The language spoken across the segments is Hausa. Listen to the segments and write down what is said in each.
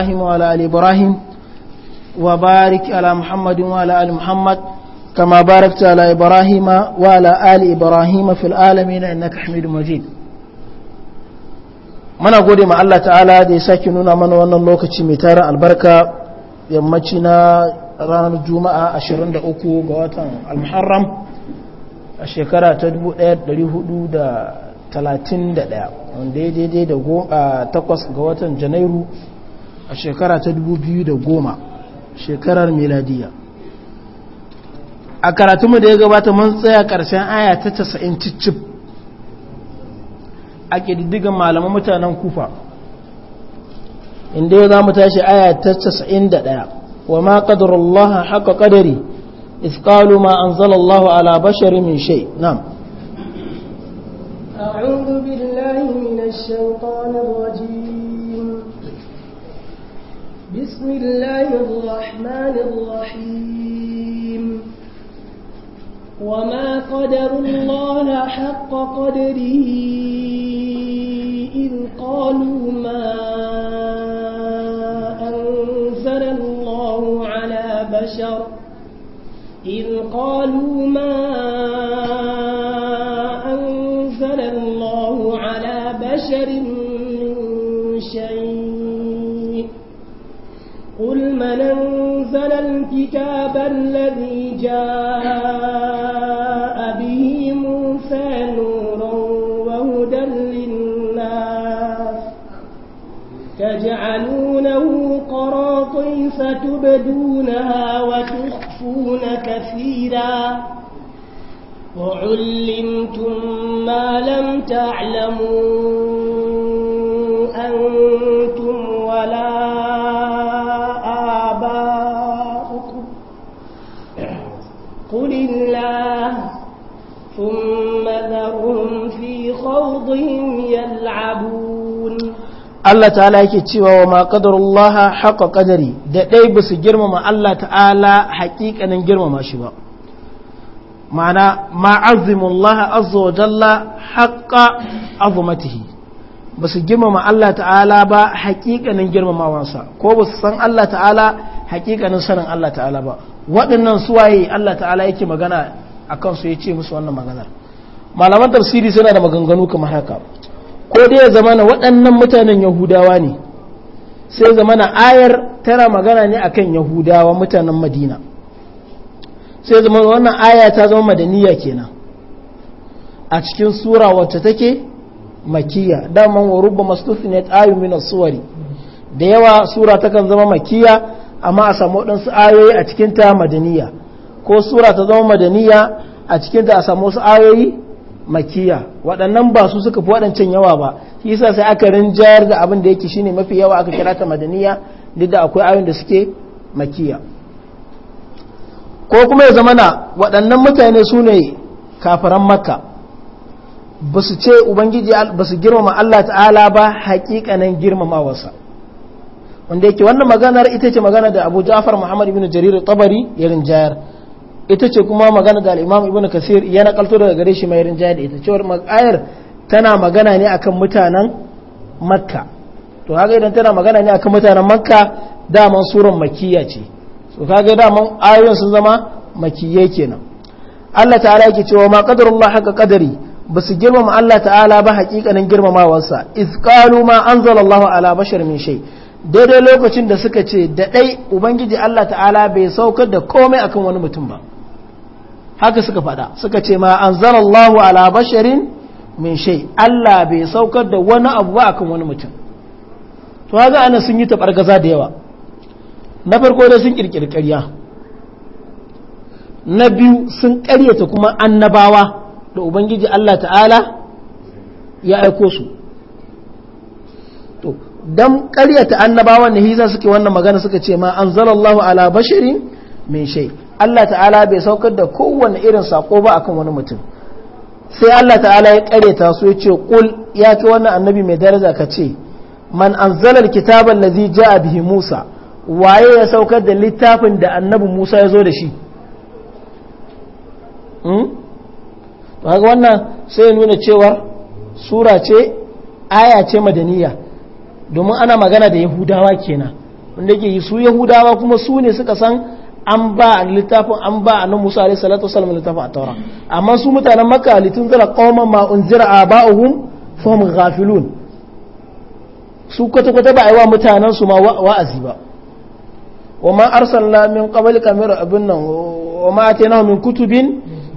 إبراهيم وعلى آل إبراهيم وبارك على محمد وعلى آل محمد كما باركت على إبراهيم وعلى آل إبراهيم في العالمين إنك حميد مجيد mana gode ma Allah ta'ala da ya sake nuna mana wannan lokaci mai tarin albarka yammaci na ranar juma'a 23 ga watan al-muharram a shekara ta 1431 wanda ya daidai da takwas ga watan janairu a shekara ta 2010 shekarar miladiya a karatunmu da ya gabata mun tsaya ƙarshen aya ta 90 cicif a ƙididdigan malaman mutanen kufa inda yau za mu tashi aya ta da ɗaya, wa ma ƙadarullaha haka ƙadari iskalu ma an zalallahu ala bashari min shai nam أعوذ بالله من الشيطان الرجيم بسم الله الرحمن الرحيم وما قدر الله حق قدره إذ قالوا ما أنزل الله على بشر إذ قالوا ما الكتاب الذي جاء به موسى نورا وهدى للناس تجعلونه قراطيس تبدونها وتخفون كثيرا وعلمتم ما لم تعلمون قل الله ثم ذرهم في خوضهم يلعبون الله تعالى yake cewa wa ma qadarullah haqa qadari da dai basu girmama Allah ta'ala haƙiƙanin girmama shi ba ma'ana ma'azimullah azza wa jalla haqa azmatihi ba su girmama Allah ta'ala ba hakikanin girmamawansa ko ba su san Allah ta'ala hakikanin sanin Allah ta'ala ba waɗannan suwaye Allah ta'ala yake magana a kansu ya ce musu wannan maganar malaman tafsiri suna da maganganu kamar haka ko dai ya waɗannan mutanen yahudawa ne sai zamana ayar tana magana ne akan yahudawa mutanen madina sai zama wannan aya ta zama madaniya kenan a cikin sura wacce take makiya daman wa rubba mastuthniyat ayu min as-suwari da yawa sura takan zama makiya amma a samu su ayoyi a cikin ta madaniya ko sura ta zama madaniya a cikin ta a samu wasu ayoyi makiya waɗannan ba su suka fi waɗancan yawa ba shi yasa sai aka rinjayar da abin da yake shine mafi yawa aka kira ta madaniya duk da akwai ayoyin da suke makiya ko kuma ya zamana waɗannan mutane su ne kafiran makka ba su ce ubangiji ba su girmama Allah ta'ala ba haƙiƙanin girmamawarsa wanda yake wannan maganar ita ce magana da abu ja'far muhammad ibn jarir tabari ya rinjayar ita ce kuma magana da al'imam ibn kasir ya kalto daga gare shi mai rinjayar da ita cewar ayar tana magana ne akan mutanen makka to kaga idan tana magana ne akan mutanen makka daman suran makiyya ce so kaga daman ayoyin sun zama makiyye kenan Allah ta'ala yake cewa ma qadarullah haka qadari ba su girmama Allah ta'ala ba hakikanin girmamawarsa izqalu ma anzalallahu ala bashar min shai daidai lokacin da suka ce da ɗai ubangiji Allah ta'ala bai saukar da komai akan wani mutum ba haka suka faɗa suka ce ma an anzalallahu ala basharin min shai Allah bai saukar da wani abu ba akan wani mutum to haka ana sun yi taɓargaza da yawa na farko dai sun kirkiri ƙarya na biyu sun ƙaryata kuma annabawa da ubangiji Allah ta'ala ya aiko su to dan ƙaryata annabawan ne suke wannan magana suka ce ma anzalallahu ala bashirin min shay Allah ta'ala bai saukar da kowane irin sako ba akan wani mutum sai Allah ta'ala ya ƙaryata su ya ce kul ya ce wannan annabi mai daraja ka ce man anzalar kitaban lazi ja'a bihi Musa waye ya saukar da littafin da annabi Musa ya zo da shi hmm? to wannan sai ya nuna cewa sura ce aya ce madaniya domin ana magana da yahudawa kenan wanda yake su yahudawa kuma su ne suka san an ba a littafin an ba nan Musa alaihi salatu wasallam littafin a taura amma su mutanen Makka litun zara qauman ma unzira aba'uhum fahum ghafilun su kwata kwata ba aiwa mutanen su ma wa'azi ba wa ma arsalna min qablika min rabbin nan wa ma atainahum min kutubin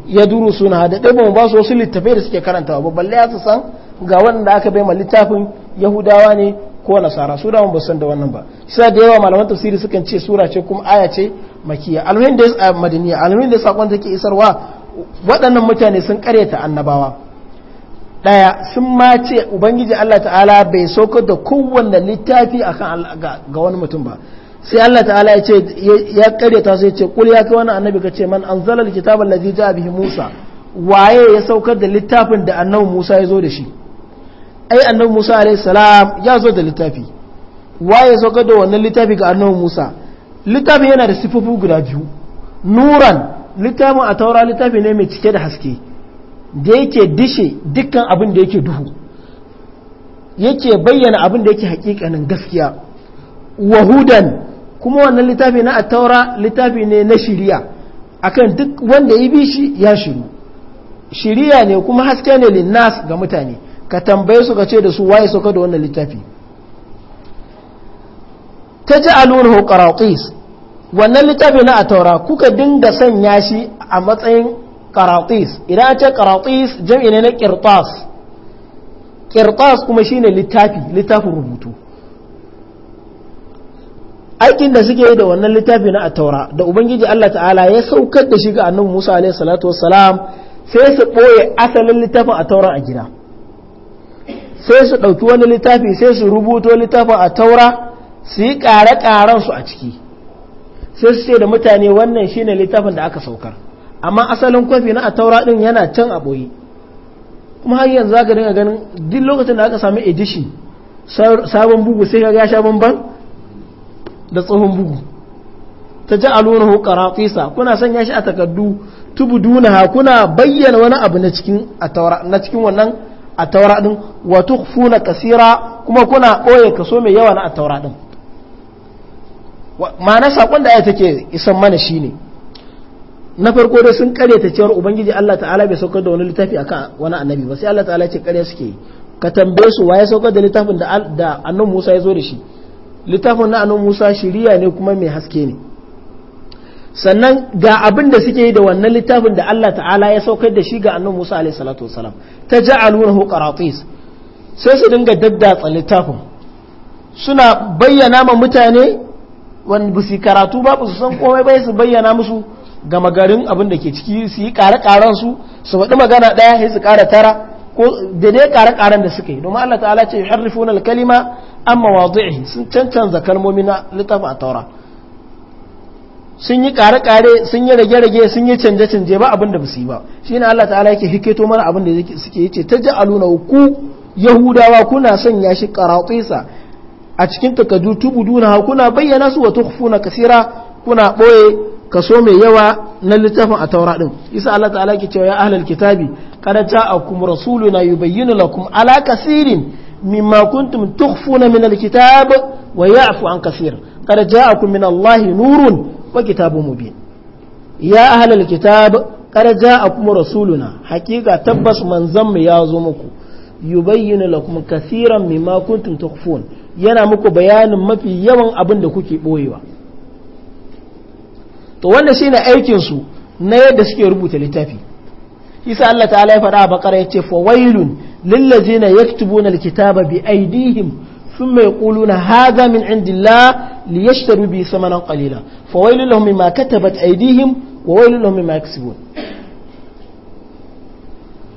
ya duru suna da ɗaya ba mu ba su wasu littafai da suke karantawa ba balle ya san ga wanda aka bai ma littafin yahudawa ne ko nasara su da basu san da wannan ba sai da yawa malaman tafsiri sukan ce sura ce kuma aya ce makiya alhumin da ya madaniya alhumin da sakon take isarwa waɗannan mutane sun karyata annabawa ɗaya sun ma ce ubangiji Allah ta'ala bai saukar da kowanne littafi akan ga wani mutum ba sai Allah ta'ala ya ce ya karyata sai ya ce kul ya kai wani annabi ka ce man anzalal alkitaba allazi ja bihi Musa waye ya saukar da littafin da annabi Musa ya zo da shi ai annabi Musa alayhi salam ya zo da littafi waye ya saukar da wannan littafi ga annabi Musa littafin yana da sifofi guda biyu nuran littafin a taura littafi ne mai cike da haske da yake dishe dukkan abin da yake duhu yake bayyana abin da yake hakikanin gaskiya wahudan kuma wannan littafi na attaura littafi ne na shiriya akan duk wanda ya bi shi ya shiru shiriya ne kuma haske ne linnas ga mutane ka tambaye su ka ce da su waye sauka da wannan littafi ta ji alunahu qaratis wannan littafi na attaura kuka dinga sanya shi a matsayin qaratis idan ce qaratis jam'i ne na qirtas qirtas kuma shine littafi littafin rubutu aikin da suke yi da wannan littafi na taura da ubangiji Allah ta'ala ya saukar da shi ga annabi Musa alaihi salatu wassalam sai su boye asalin littafin taura a gida sai su ɗauki wani littafi sai su rubuto littafin taura su yi ƙare-ƙaren su a ciki sai su ce da mutane wannan shine littafin da aka saukar amma asalin kwafi na taura din yana can a boye kuma har yanzu zaka dinga ganin duk lokacin da aka samu edishi sabon bugu sai ka ga sha bamban da tsohon bugu ta ji hukara karatisa kuna sanya shi a takardu ha kuna bayyana wani abu na cikin na cikin wannan a taura din wa funa kasira kuma kuna ɓoye kaso mai yawa na a taura din ma'ana sakon da aya take isan mana shi ne na farko dai sun kare ta cewar ubangiji Allah ta'ala bai saukar da wani littafi a wani annabi ba sai Allah ta'ala ce kare suke ka tambaye su waye saukar da littafin da annan Musa ya zo da shi littafin na annabi Musa shiriya ne kuma mai haske ne sannan ga abin da suke yi da wannan littafin da Allah ta'ala ya saukar da shi ga annabi Musa alaihi salatu wasalam ta ja'alunahu qaratis sai su dinga daddatsa littafin suna bayyana ma mutane wani ba su karatu ba su san komai ba su bayyana musu gama garin abin da ke ciki su yi kare-karen su su faɗi magana ɗaya sai su kara tara ko da dai kare-karen da suka yi domin Allah ta'ala ce yuharrifuna kalima Amma mawazi'i sun cancanza kalmomi na littafin a taura sun yi kare-kare sun yi rage-rage sun yi canje-canje ba abinda ba su yi ba shi ne Allah ta'ala yake hiketo mana abin da suke yi ce ta ji aluna ku yahudawa kuna ya shi karatsisa a cikin takadu duna kuna bayyana su wa na kasira kuna ɓoye kaso mai yawa na littafin a taura ɗin isa Allah ta'ala ke cewa ya ahlal kitabi kada ja'akum rasuluna yubayyinu lakum ala kasirin مما كنتم تخفون من الكتاب ويعفو عن كثير قد جاءكم من الله نور وكتاب مبين يا أهل الكتاب قد جاءكم رسولنا حقيقة تبس من زم يازمكم yubayyin lakum kasiran mimma kuntum tukhfun yana muku bayanin mafi yawan abin da kuke ɓoyewa. to wanda shine aikinsu na yadda suke rubuta littafi isa Allah ta'ala ya faɗa a bakara ya ce fa wailun lillazina yaktubuna alkitaba bi aidihim sun thumma yaquluna haza min indillah liyashtaru bi samanan qalila fa wailun lahum mimma katabat aidihim wa wailun lahum mimma yaksubun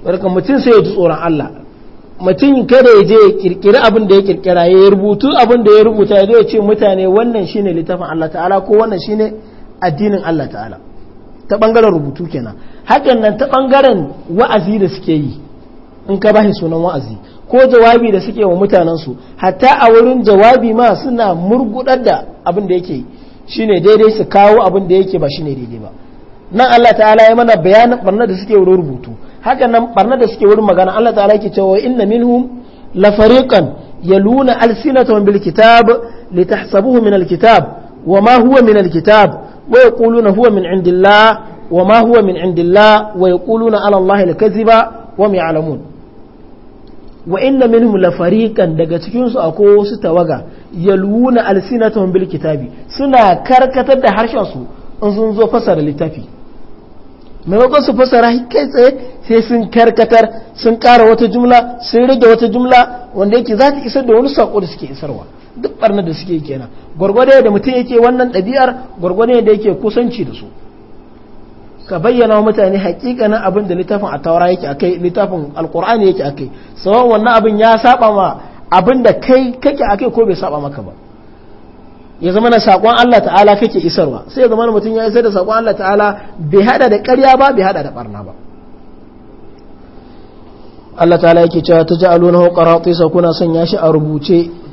barkan mutum sai ya ji tsoron Allah mutum kada ya je kirkiri abin da ya kirkira ya rubutu abin da ya rubuta ya ya ce mutane wannan shine littafin Allah ta'ala ko wannan shine addinin Allah ta'ala ta bangaren rubutu kenan hakan nan ta ɓangaren wa'azi da suke yi in ka bashi sunan wa'azi ko jawabi da suke wa mutanensu hatta a wurin jawabi ma suna murgudar da abin da yake ne daidai su kawo abin da yake ba ne daidai ba nan Allah ta'ala ya mana bayanin barna da suke wurin rubutu hakan nan barna da suke wurin magana Allah ta'ala yake cewa inna minhum la fariqan yaluna alsinatahum bil kitab litahsabuhu min al kitab wa ma huwa min al kitab wa yaquluna huwa min indillah وما هو من عند الله ويقولون على الله الكذب وهم يعلمون min منهم لفريقا daga cikin su akwai wasu tawaga yalwuna alsinatuhum bil kitabi suna karkatar da harshen su in sun zo fasara littafi mai su fasara kai tsaye sai sun karkatar sun ƙara wata jumla sun rage wata jumla wanda yake zata ta isar da wani saƙo da suke isarwa duk barnar da suke kenan gwargwado da mutum yake wannan ɗabi'ar gwargwado da yake kusanci da su ka bayyana wa mutane hakikanin abin da littafin a taura yake akai littafin alkur'ani yake akai sawan wannan abin ya saba ma abin da kai kake akai ko bai saba maka ba ya zama na saƙon Allah ta'ala kake isarwa sai ya zama na mutum ya isar da saƙon Allah ta'ala bai hada da ƙarya ba bai hada da barna ba Allah ta'ala yake cewa ta ji aluna hau kuna sanya shi a rubuce tubudu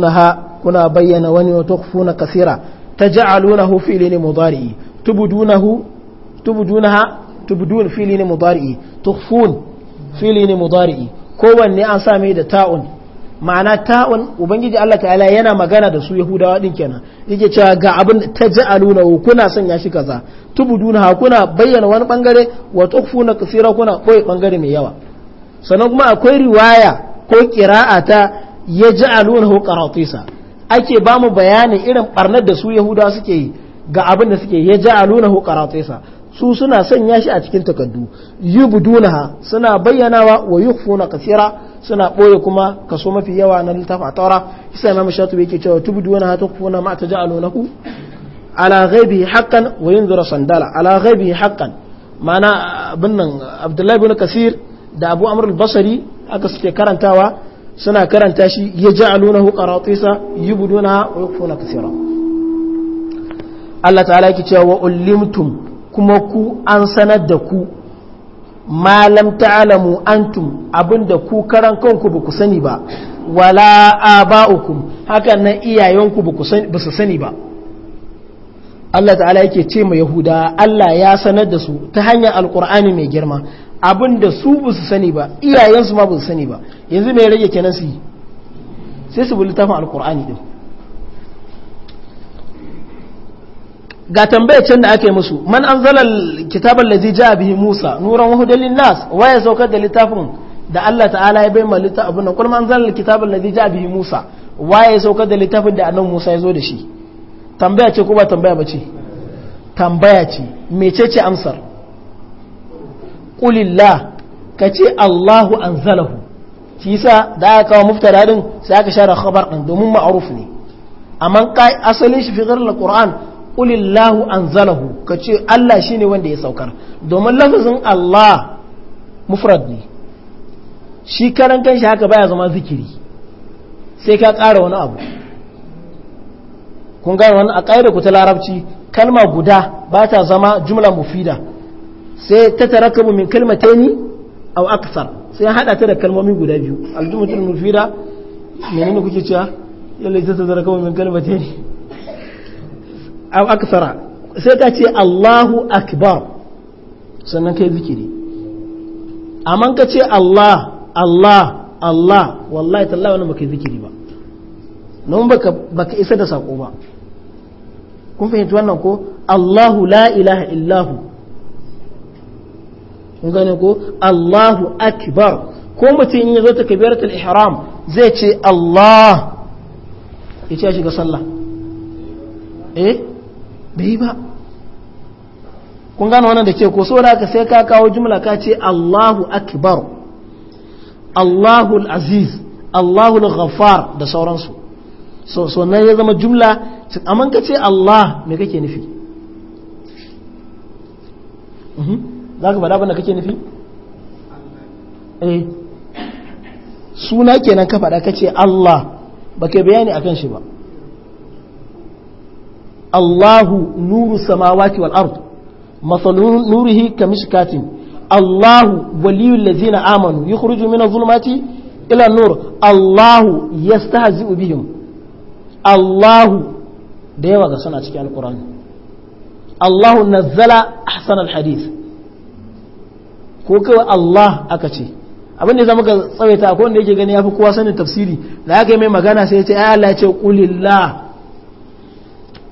tubudunaha kuna bayyana wani wa tukfuna kasira ta ji fili ne mudari tubudunahu tubdunaha tubdun fili ne mudari'i tukhfun fili ne mudari'i kowanne an sa mai da ta'un ma'ana ta'un ubangiji Allah ta'ala yana magana da su yahudawa din kenan yake cewa ga abin ta ja'aluna kuna sanya shi kaza tubdunaha kuna bayyana wani bangare wa tukhfuna kasira kuna bangare mai yawa sannan kuma akwai riwaya ko kira'a ta ya ja'aluna qaratisa ake bamu mu bayanin irin barnar da su yahudawa suke yi ga abin da suke ya ja'alunahu qaratisa su suna sanya shi a cikin takardu yubdunaha suna bayyanawa wa yukhfuna kasira suna ɓoye kuma kaso mafi yawa na littafin atara isa imam shatibi yake cewa tubdunaha tukhfuna ma taj'alunahu ala ghaibi hakan wa yunzura sandala ala ghaibi hakan mana abin nan abdullahi bin kasir da abu amr al-basri aka suke karantawa suna karanta shi yaj'alunahu yi yubdunaha wa yukhfuna kasira. Allah ta'ala yake cewa wa ulimtum kuma ku an sanar da ku malam ta'alamu antum abinda ku karan kanku ba ku sani ba wala aba'ukum hakan nan iyayenku ba su sani ba Allah ta'ala yake ce ma Yahuda Allah ya sanar da su ta hanyar alkur'ani mai girma abinda su ba su sani ba iyayensu ma ba su sani ba yanzu mai rage kenan su yi sai su bi littafin alkur'ani din ga tambayar can da ake musu man anzala kitaban ladhi jaa bihi Musa nuran wa hudan linnas wa ya saukar da littafin da Allah ta'ala ya bai malita abu nan kuma anzala kitaban ladhi jaa bihi Musa wa ya saukar da littafin da annabi Musa ya zo da shi tambaya ce ko ba tambaya bace tambaya ce mecece amsar qulillah kace Allahu anzalahu shi yasa da aka kawo muftara din sai aka share khabar din domin ma'ruf ne amma kai asalin shi fi gharar alquran ƙulillahu an zalahu ka ce Allah shi ne wanda ya saukar domin lafazin Allah mufrad ne shi karan kanshi haka baya zama zikiri sai ka ƙara wani abu kun gane wani a ƙa'ida ku ta larabci kalma guda ba ta zama jumla mufida sai ta tarakabu min kalmatayni a aksar sai hada ta da kalmomi guda biyu al-jumlatul mufida menene kuke cewa lalle ta tarakabu min kalmatayni aw akthara sai ka ce Allahu akbar sannan kai zikiri amma ka ce Allah Allah Allah wallahi tallahi wannan baka zikiri ba nan baka baka isa da sako ba kun fahimci wannan ko Allahu la ilaha illahu kun gane ko Allahu akbar ko mutum in yazo takbiratul ihram zai ce Allah ya ce shiga sallah eh bai yi ba kun gano wannan da ke ko so da ka sai ka kawo jumla ka ce Allahu akbar Allahu aziz Allahu ghaffar da sauransu so so nan ya zama jumla amma ka ce Allah me kake nufi mhm. za ka faɗa abinda kake nufi eh suna kenan ka faɗa ka ce Allah ba ke bayani akan shi ba Allahu nuru samawati wal ard masalun nurihi kamishkatin Allahu waliyul ladzina amanu yukhruju minaz zulumati ila nur Allahu yastahzi'u bihim Allahu da yawa ga suna cikin alqur'ani Allahu nazzala ahsan alhadith Allah aka ce abin da za muka tsawaita akwai wanda yake gani ya fi kowa sanin tafsiri da aka yi mai magana sai ya ce ayyala ce kulillah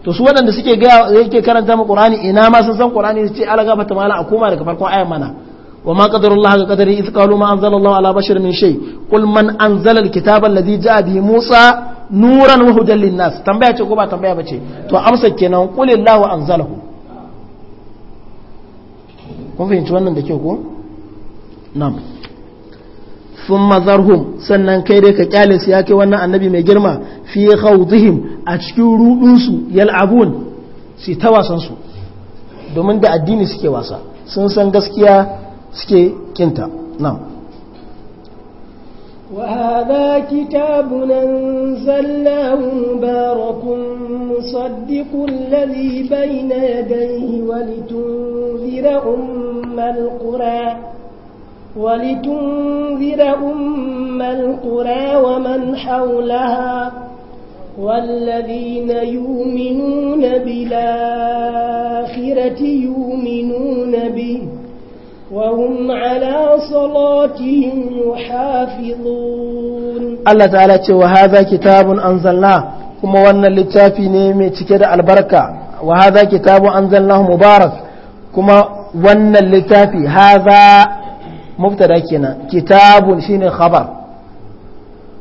to su waɗanda suke gaya yake karanta mu qur'ani ina ma sun san qur'ani su ce alaga fata mala a koma daga farkon ayan mana wa ma qadarullah ga qadari iska qalu ma anzalallahu ala bashar min shay qul man anzala alkitaba alladhi ja'a bi musa nuran wa hudan nas tambaya ce ko ba tambaya bace to amsa kenan qulillahu anzalahu kun fahimci wannan da kyau ko na'am sun mazarhum sannan kai dai ka kyale su ya kai wannan annabi mai girma fi khawdihim a cikin rudunsu yal'abun su ta wasan su domin da addini suke wasa sun san gaskiya suke kinta nan وهذا كتاب أنزلناه مبارك مصدق الذي بين يديه ولتنذر أم القرى ولتنذر أم القرى ومن حولها والذين يؤمنون بالآخرة يؤمنون به وهم على صلاتهم يحافظون الله تعالى وهذا كتاب أنزلناه كما وانا للتافي نيمي تكيد البركة وهذا كتاب أنزلناه مبارك كما وانا للتافي هذا mubtada kenan kitabun shine khabar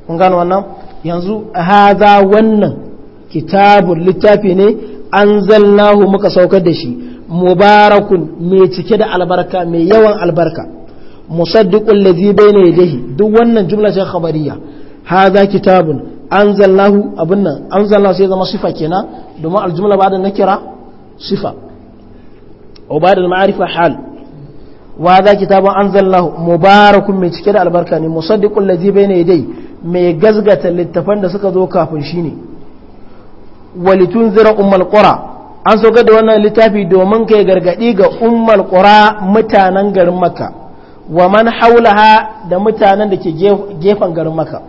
kun gano wannan yanzu haza wannan kitabun littafi ne anzalnahu muka saukar da shi mubarakun mai cike da albarka mai yawan albarka musaddiqul ladhi bayna yadayhi duk wannan jumla ce khabariya haza kitabun anzalnahu abin nan anzalnahu sai zama sifa kenan domin aljumla ba da nakira sifa da ma'rifa hal wa za an anzalnahu mubarakun mai cike da albarka ne musaddiqul ladhi bayna yadai mai gazgata littafan da suka zo kafin shi ne walitunzira ummal qura an saukar da wannan littafi domin kai gargadi ga ummal qura mutanen garin makka wa man haulaha da mutanen da ke gefen garin makka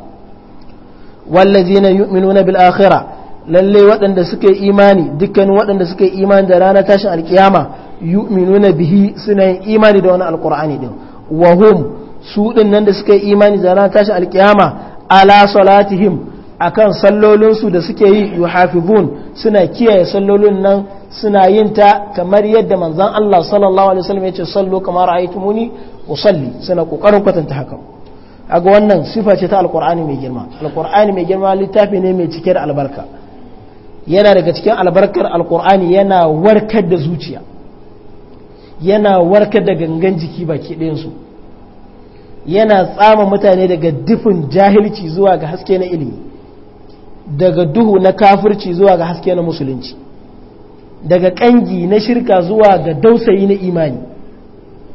wallazina yu'minuna bil akhirah lalle waɗanda suka imani dukkan waɗanda suka yi imani da ranar tashin alkiyama yu'minuna bihi suna yin imani da wani alqur'ani din wa hum su din nan da suka yi imani da ran tashi alkiyama ala salatihim akan sallolinsu da suke yi yuhafizun suna kiyaye sallolin nan suna yin ta kamar yadda manzon Allah sallallahu alaihi wasallam yace sallu kamar ra'aytumuni usalli suna kokarin kwatanta haka aga wannan sifa ce ta alqur'ani mai girma alqur'ani mai girma littafi ne mai cike da albarka yana daga cikin albarkar alqur'ani yana warkar da zuciya yana warka da gangan jiki baki ɗayansu yana tsama mutane daga dufin jahilci zuwa ga haske na ilimi daga duhu na kafirci zuwa ga haske na musulunci daga ƙangi na shirka zuwa ga dausayi na imani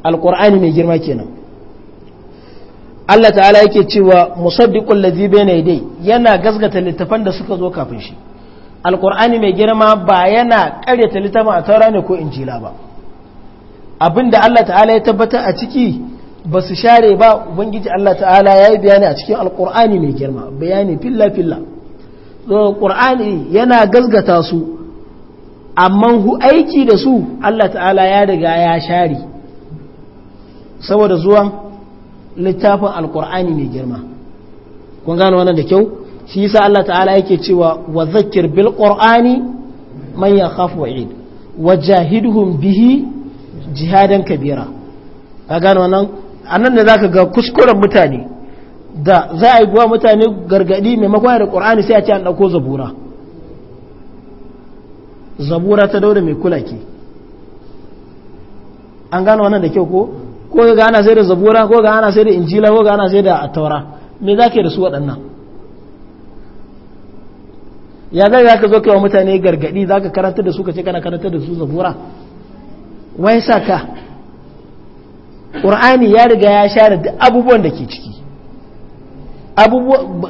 alƙur'ani mai girma kenan Allah ta'ala yake cewa musaddiqul ladhi bayna yadayhi yana gasgata littafan da suka zo kafin shi alƙur'ani mai girma ba yana ƙaryata littafin a taura ne ko injila ba abinda Allah ta'ala ya tabbatar a ciki ba su share ba ubangiji Allah ta'ala ya yi bayani a cikin alkur'ani mai girma bayani filla filla alkur'ani yana gazgata su amma hu aiki da su Allah ta'ala ya daga ya share saboda zuwan littafin alkur'ani mai girma kun gano wannan da kyau shi sa Allah ta'ala yake cewa wa zakkir bil qur'ani man yakhafu wa'id wajahidhum bihi jihadan kabira a gano wannan annan ne ka ga kuskuren mutane da za a yi buwa mutane gargadi maimakon da qur'ani sai a ce an ɗauko zabura zabura ta daura mai kula ke an gano wannan da kyau ko ko ga ana sai da zabura ko ga ana sai da injila ko ga ana sai da taura me za ka yi da su waɗannan ya zai za ka zo kai wa mutane gargaɗi za ka karanta da su ka ce kana karanta da su zabura wai sa ka ƙur'ani ya riga ya share da abubuwan da ke ciki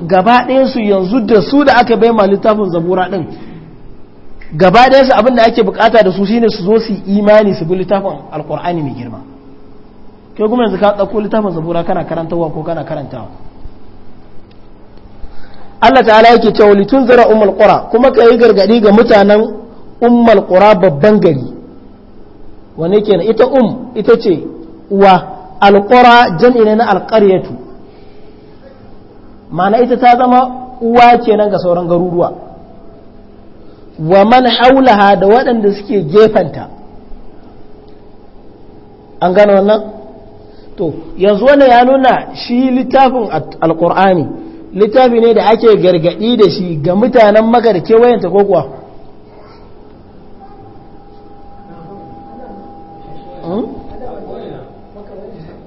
gaba su yanzu da su da aka bai ma littafin zabura ɗin gaba ɗayansu abin da ake bukata da su shine su zo su imani su bi littafin alƙur'ani mai girma kai kuma yanzu ka ɗauko littafin zabura kana karantawa ko kana karantawa Allah ta'ala yake cewa litun zara ummul qura kuma kai gargadi ga mutanen ummul qura babban gari wane kenan ita um ita ce wa alƙura jam'i ne na alƙaryatu ma'ana ita ta zama uwa kenan ga sauran garuruwa wa man haulaha da waɗanda suke gefanta an gano wannan to yanzu wani ya nuna shi littafin alƙur'ani littafi ne da ake gargaɗi da shi ga mutanen magar kewayenta ko kuwa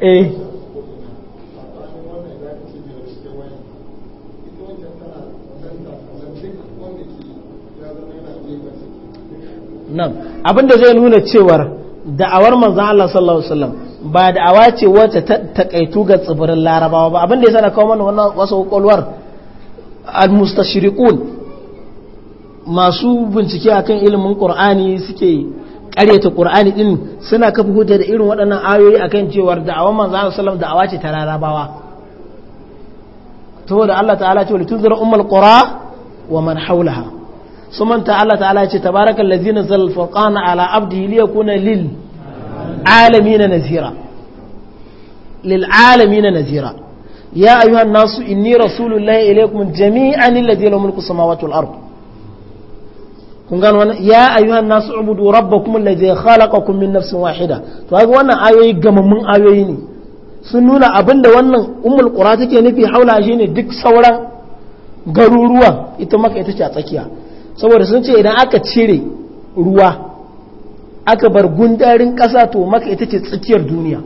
eh nan da zai nuna cewar da'awar manzan Allah sallallahu alaihi wasallam ba da'awa ce wacce ta takaitu ga tsibirin larabawa ba abin da ya sana kawo mana wannan wasu kwakwalwar al mustashirikun masu bincike akan ilimin Kur'ani suke ƙaryata qur'ani din suna kafa hujja da irin waɗannan ayoyi akan cewar da manzo Allah sallallahu da'awa ce ta larabawa to da Allah ta'ala ce wal tunzira ummul qura wa man hawlaha suman ta Allah ta'ala ce tabarakal ladzi nazzal furqana ala abdihi liyakuna lil alamin nazira lil alamin nazira ya ayyuhan nasu inni rasulullahi ilaykum jami'an alladhi lahu mulku samawati wal ardh kun gano wannan ya ayyuhan nasu ubudu rabbakum alladhi khalaqakum min nafsin wahida to kaga wannan ayoyi gamammun ayoyi ne sun nuna abinda wannan ummul qura take nufi haula shine duk sauran garuruwan ita maka ita ce a tsakiya saboda sun ce idan aka cire ruwa aka bar gundarin kasa to maka ita ce tsakiyar duniya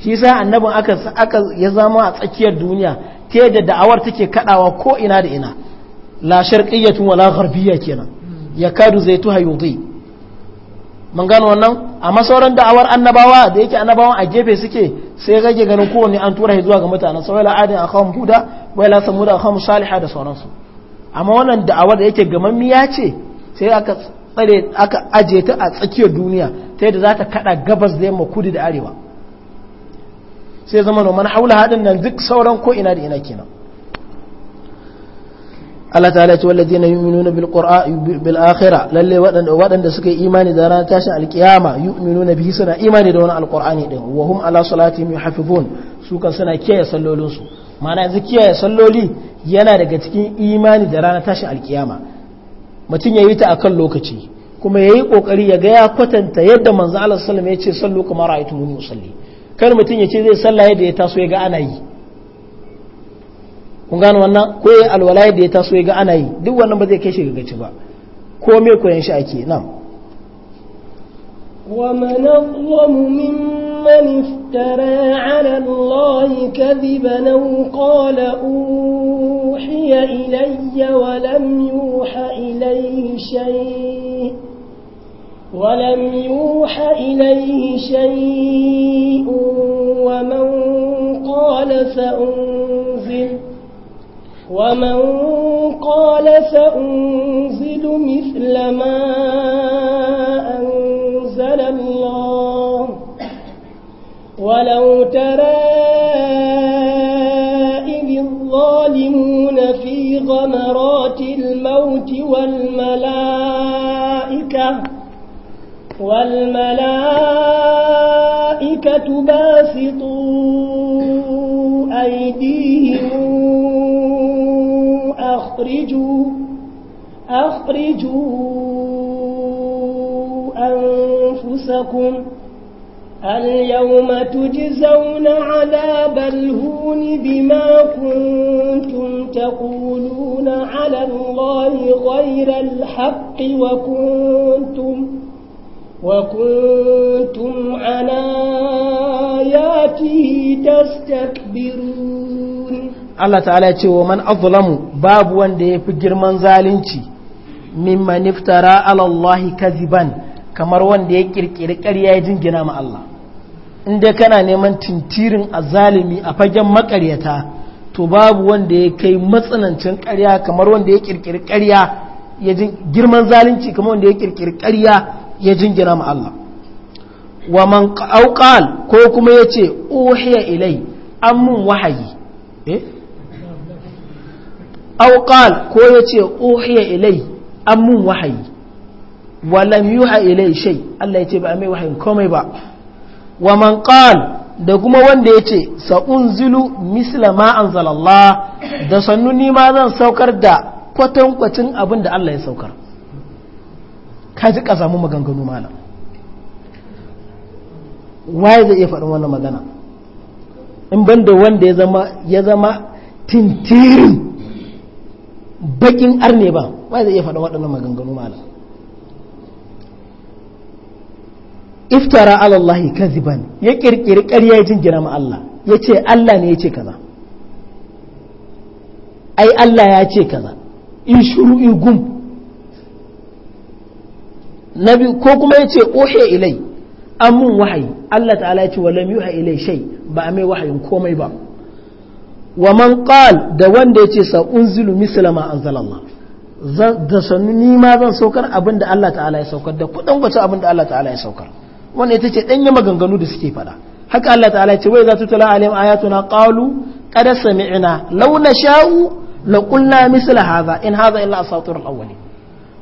shi yasa annabin aka ya zama a tsakiyar duniya ta da da'awar take kaɗawa ko ina da ina la sharqiyyatun wala gharbiyya kenan ya kadu zai tuha yudi mun gano wannan amma sauran da'awar annabawa da yake annabawan a gefe suke sai rage ganin kowanne an tura shi zuwa ga mutanen sa wala adin huda buda wala samuda akhawun salihah da sauransu amma wannan da'awar da yake miya ce sai aka tsare aka aje ta a tsakiyar duniya ta yadda za ta kada gabas da yamma kudu da arewa sai zama noman haula hadin nan duk sauran ko ina da ina kenan Allah ta halatta wallazi na yi bil qur'an bil'akhira lalle waɗanda suka yi imani da ranar tashin alkiyama yu'minuna bihi suna imani da wani al'ƙur'ani din wa hum ala salatihim hafifun su kan suna kiyaye sallolin su ma'ana yanzu kiyaye salloli yana daga cikin imani da ranar tashin alkiyama mutum ya yi ta akan lokaci kuma ya yi ƙoƙari ya ga ya kwatanta yadda manzo Allah sallallahu alaihi wasallam ya ce sallu kamar ra'aytumuni usalli kar mutum ya ce zai sallah yadda ya taso ya ga ana yi kun gano wannan ko ya da ya taso ya ga ana yi duk wannan ba zai kai shi ga gaci ba ko me koyan shi ake nan wa man aqwamu mimman iftara ala allahi kadiban aw qala uhiya ilayya wa lam yuha ilayhi shay ولم يوحى إليه شيء ومن قال فأنزل ومن قال سأنزل مثل ما أنزل الله ولو ترى إذ الظالمون في غمرات الموت والملائكة والملائكة باسطون أخرجوا أخرجوا أنفسكم اليوم تجزون عذاب الهون بما كنتم تقولون على الله غير الحق وكنتم وكنتم عن آياته تستكبرون Allah ta'ala ya ce wa man azlamu babu wanda ya fi girman zalunci mimma niftara ala Allah kaziban kamar wanda ya kirkiri ƙarya ya jingina ma Allah in dai kana neman tintirin azalimi a fagen makaryata to babu wanda ya kai matsanancin ƙarya kamar wanda ya kirkiri ƙarya ya girman zalunci kamar wanda ya kirkiri ƙarya ya jingina ma Allah wa man auqal ko kuma yace uhiya ilai an mun wahayi eh aukal ko yace uhiya ilai an mun wahayi walam yuha ilai shai Allah ce ba mai wahayin komai ba wa man da kuma wanda yace sa unzilu misla ma allah da sannu ni ma zan saukar da kwatankwacin abin da Allah ya saukar ka ji ka mu maganganu malam waye zai iya faɗin wannan magana in banda wanda ya zama tintirin bakin arne ba ba zai iya faɗa waɗannan maganganu malam iftara alallahi kaziban ya kirkiri ƙarya ya jingina ma Allah ya ce Allah ne ya ce kaza ai Allah ya ce kaza in shuru in gum nabi ko kuma ya ce ohe ilai an mun wahayi Allah ta'ala ya ce wa lam yuha ilai shai ba a mai wahayin komai ba wa man qal da wanda yace sa unzilu misla ma anzalallah da sanu ni ma zan saukar abin da Allah ta'ala ya saukar da kudin wace abinda da Allah ta'ala ya saukar wannan ita ce danya maganganu da suke fada haka Allah ta'ala ya ce wai za tu tala alim ayatuna qalu qad sami'na law nasha'u la qulna misla hadha in hadha illa asatir awwalin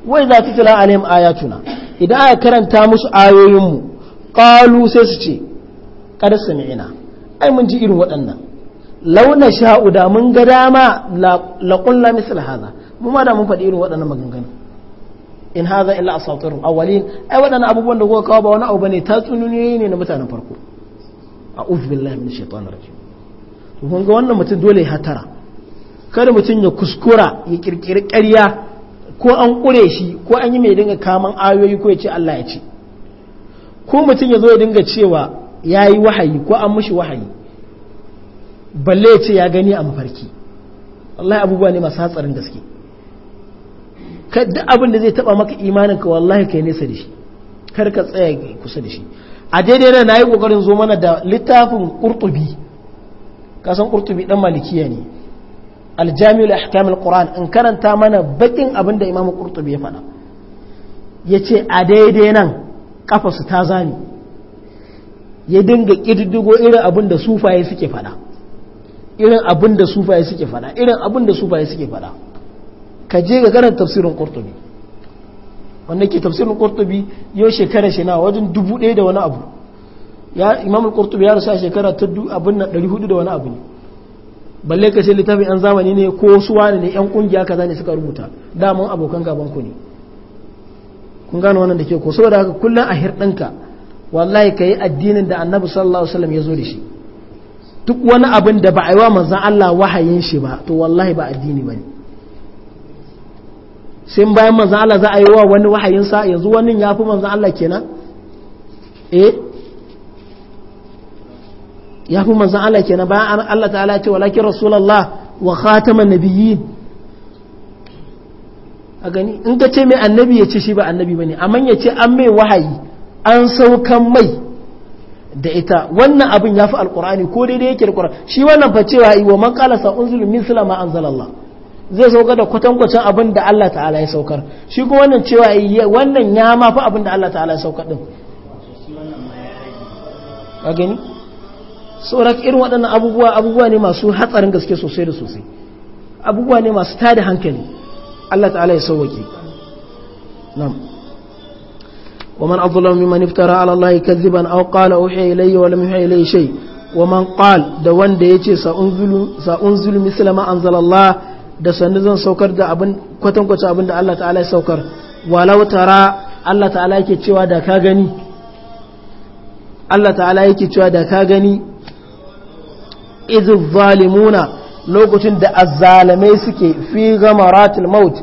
wai za tu tala alim ayatuna idan aka karanta musu ayoyin mu qalu sai su ce qad sami'na ai mun ji irin waɗannan launa sha'u da mun ga dama la misal haza mu ma da mun faɗi irin waɗannan maganganu in haza illa asatirul awwalin ai waɗannan abubuwan da kuka kawo ba wani abu bane tatsuniyoyi ne na mutanen farko a billahi minash shaitanir rajim to kun ga wannan mutum dole ya hatara kada mutum ya kuskura ya kirkiri ƙarya ko an ƙure shi ko an yi mai dinga kaman ayoyi ko ya ce Allah ya ce ko mutum ya zo ya dinga cewa ya yi wahayi ko an mushi wahayi balle ya ce ya gani a mafarki wallahi abubuwa ne masu hatsarin gaske duk abin da zai taba maka imanin ka wallahi kai nesa da shi kar ka tsaya kusa da shi a daidai na nayi kokarin zo mana da littafin qurtubi ka san qurtubi dan malikiya ne aljami'ul ahkam alquran in karanta mana bakin abin da imamu qurtubi ya faɗa yace a daidai nan kafa su ta zani ya dinga kididdigo irin abin da sufaye suke faɗa irin abin da sufaye suke fada irin abin da sufaye suke fada ka je ga karanta tafsirin qurtubi wanda ke tafsirin qurtubi yau shekara shi na wajen dubu ɗaya da wani abu ya imamul qurtubi ya rasa shekara ta abin na ɗari hudu da wani abu ne balle ka ce littafin an zamani ne ko su wani ne yan kungiya kaza ne suka rubuta daman abokan gaban ku ne kun gano wannan da ke ko saboda haka kullum a hirɗinka wallahi ka yi addinin da annabi sallallahu alaihi wasallam ya zo da shi duk wani abin da ba a yi wa manzan Allah wahayin shi ba to wallahi ba addini ba ne sai bayan manzan Allah za a yi wa wani wahayinsa yanzu wani ya fi manzan Allah kenan eh ya fi manzan Allah kenan bayan Allah ta'ala ce walakin rasulallah wa khataman nabiyyin a gani in ka ce mai annabi ya ce shi ba annabi ba ne amma ya ce an mai wahayi an saukan mai da ita wannan abin ya fi alkur'ani ko daidai yake da shi wannan fa cewa yi wa man qala sa unzilu min silama anzalallah zai sauka da kwatankwacin abin da Allah ta'ala ya saukar shi ko wannan cewa wannan ya ma fi abin da Allah ta'ala ya saukar din ka gani saurak irin waɗannan abubuwa abubuwa ne masu hatsarin gaske sosai da sosai abubuwa ne masu tada hankali Allah ta'ala ya sauwake na'am ومن أظلم ممن افترى على الله كذبا أو قال أوحي إلي ولم يوحي إلي شيء ومن قال da wanda ya ce sa'unzulu mislama an zalallah da sannu zan saukar da abin kwatankwacin abin da Allah ta'ala ya saukar walau tara Allah ta'ala yake cewa da ka gani Allah ta'ala yake cewa da ka gani izu zalimuna lokacin da azzalamai suke fi gamaratul maut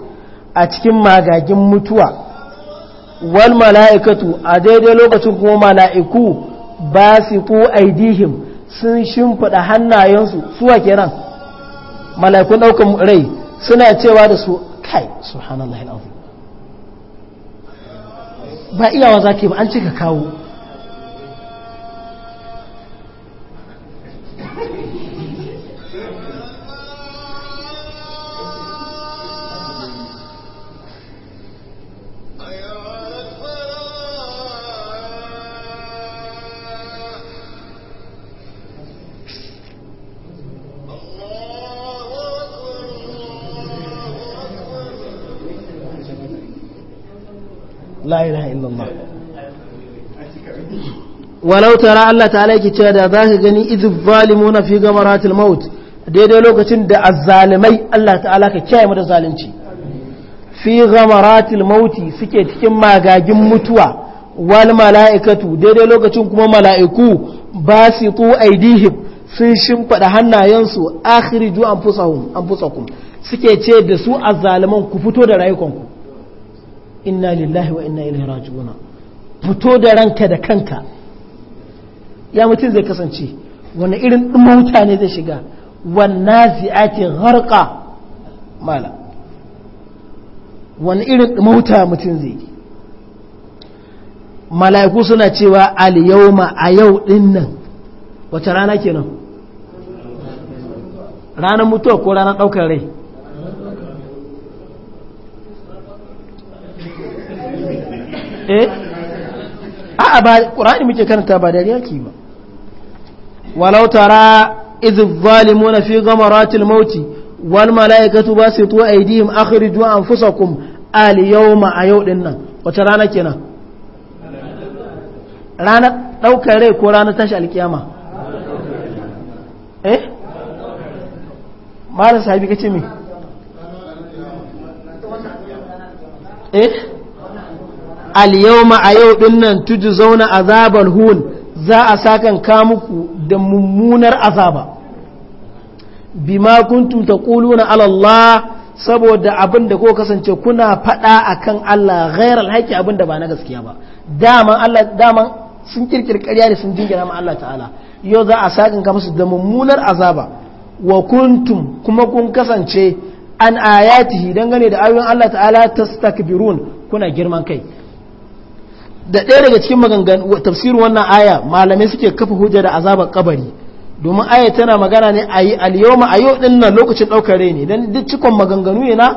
a cikin magagin mutuwa wal mala'ikatu a daidai lokacin kuma mala'iku ba su ku aidihim sun shimfiɗa hannayensu suwa kenan mala'ikun ɗaukan rai suna cewa da su kai subhanallah ba iyawa za ba an cika kawo la ilaha illallah walau tara Allah ta'ala yake cewa da zaka gani idh zalimuna fi gamaratil maut daidai lokacin da azzalimai Allah ta'ala ka kiyaye mu da zalunci fi gamaratil mauti suke cikin magagin mutuwa wal mala'ikatu daidai lokacin kuma mala'iku basitu su aidihim sun shimfada hannayensu akhriju anfusahum anfusakum suke ce da su azzaliman ku fito da rayukanku inna lillahi wa inna ilaihi raji'un fito da ranka da kanka ya mutum zai kasance wani irin ɗumauta ne zai shiga wannan zi'ati gharqa mala wani irin ɗumauta mutum zai yi mala'iku suna cewa al-yawma a yau din nan wace rana kenan ranar mutuwa ko ranar ɗaukar rai eh a'a ba qur'ani muke karanta ba dariya ki ba walau tara idh zalimuna fi ghamaratil mauti wal malaikatu basitu aydihim akhrijuu anfusakum al yawma a yau din nan rana kenan rana daukar rai ko rana tashi alkiyama eh sahibi kace me eh al-yawma a yau tuju zauna azabal hun za a sakan ka muku da mummunar azaba bima kuntum taquluna ala Allah saboda abin da ko kasance kuna faɗa akan Allah ghairal haqi abin da ba na gaskiya ba daman Allah sun kirkir ƙarya ne sun jingira ma Allah ta'ala yau za a sakin ka musu da mummunar azaba wa kuntum kuma kun kasance an ayatihi dangane da ayoyin Allah ta'ala tastakbirun kuna girman kai da ɗaya daga cikin maganganu tafsirin wannan aya malamai suke kafa hujja da azabar kabari domin aya tana magana ne a yi alyoma a yau ɗin nan lokacin ɗaukar rai ne don duk cikon maganganu ne na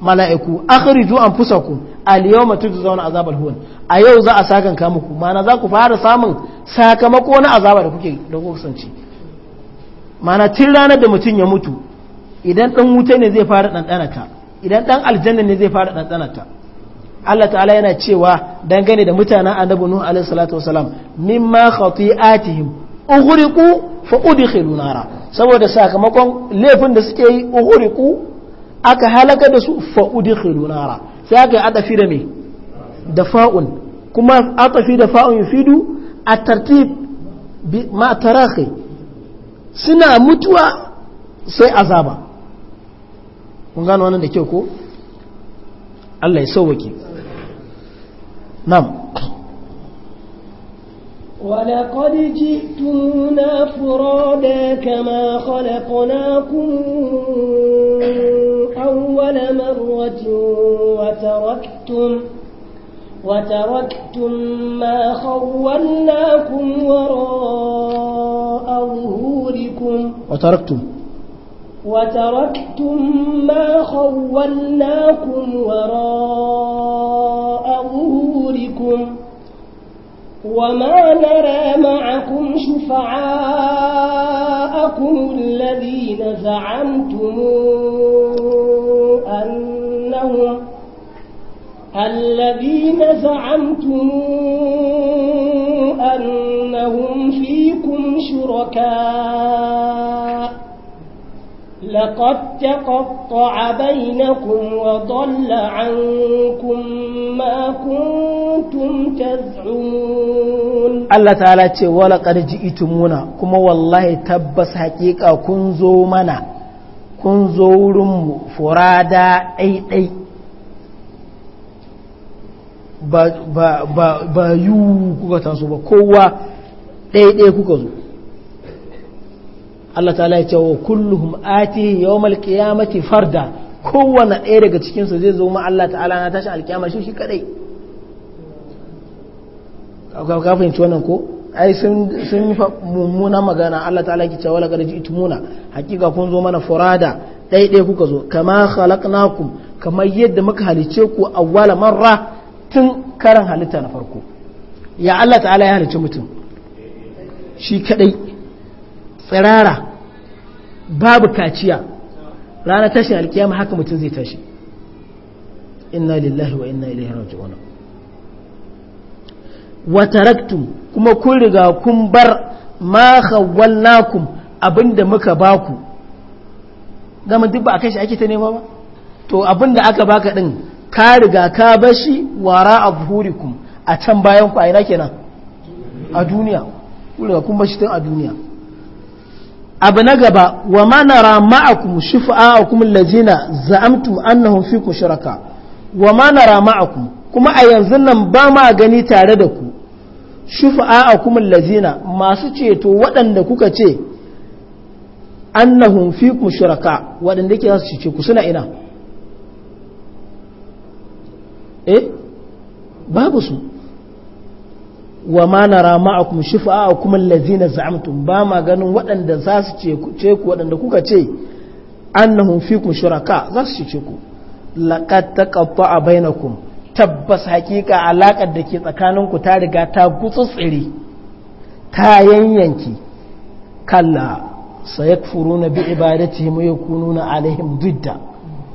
mala'iku ku alyoma alyawma tujzauna azabar hun a yau za a sakan ka muku mana za ku fara samun sakamako na azaba da kuke da kusanci mana tun ranar da mutum ya mutu idan ɗan wuta ne zai fara ɗanɗanata idan ɗan aljanna ne zai fara ɗanɗanata Allah ta'ala yana cewa dangane da mutanen annabi nuhu alaihi salatu wasalam mimma khati'atihim ughriqu fa udkhilu nara saboda sakamakon laifin da suke yi ughriqu aka halaka da su fa udkhilu nara sai aka yi atafi da me da fa'un kuma atafi da fa'un yufidu at-tartib bi ma tarahi suna mutuwa sai azaba kun gano wannan da kyau ko Allah ya sauwake نعم ولقد جئتمونا فرادا كما خلقناكم أول مرة وتركتم وتركتم ما خولناكم وراء ظهوركم وتركتم وتركتم ما خولناكم وراء ظهوركم وما نرى معكم شفعاءكم الذين زعمتم أنهم الذين زعمتم أنهم فيكم شركاء لقد تقطع بينكم وضل عنكم ما كنتم تزعمون الله تعالى ولقد جئتمونا كما والله تبس حقيقة كنزو منا كنزو mu فرادا أي أي ba yu kuka taso ba kowa ɗaiɗai kuka zo Allah ta ya ce wa kulluhum ati yawmal qiyamati farda kowanne ɗaya daga cikin su zai zo ma Allah ta'ala na tashi alkiyama shi shi kadai ka fahimci wannan ko ai sun sun mummuna magana Allah ta'ala ki cewa laqad ji'tumuna hakika kun zo mana furada dai dai kuka zo kama khalaqnakum kamar yadda muka halice ku awwala marra tun karan halitta na farko ya Allah ta'ala ya halice mutum shi kadai tsirara babu kaciya rana tashin alkiyama haka mutum zai tashi inna lillahi wa inna ilaihi raji'un wa taraktum kuma kun riga kun bar ma khawwalnakum abinda muka baku gama duk ba a kashi ake ta nema ba to abinda aka baka din ka riga ka bashi wara abhurikum a can bayan ku a ina kenan a duniya kun riga kun bashi tun a duniya abu na gaba wa manara ma'akum shufa'akum allazina za'amtum annahum fikum shuraka wa manara ma'akum kuma a yanzu nan ba ma gani tare da ku shufa'akum allazina masu ceto waɗanda kuka ce annahum fikum shuraka waɗanda ke su ce ku suna ina eh babu su wa ma nara ma'akum shufa'akum allazina za'amtum ba ma ganin waɗanda za su ce ku waɗanda kuka ce annahum fikum shuraka za su ce ku laqad taqatta'a bainakum tabbas hakika alaƙar da ke tsakanin ku ta riga ta gutsu-tsiri ta yanyanki kalla sayakfuruna bi ibadatihim yakununa alaihim didda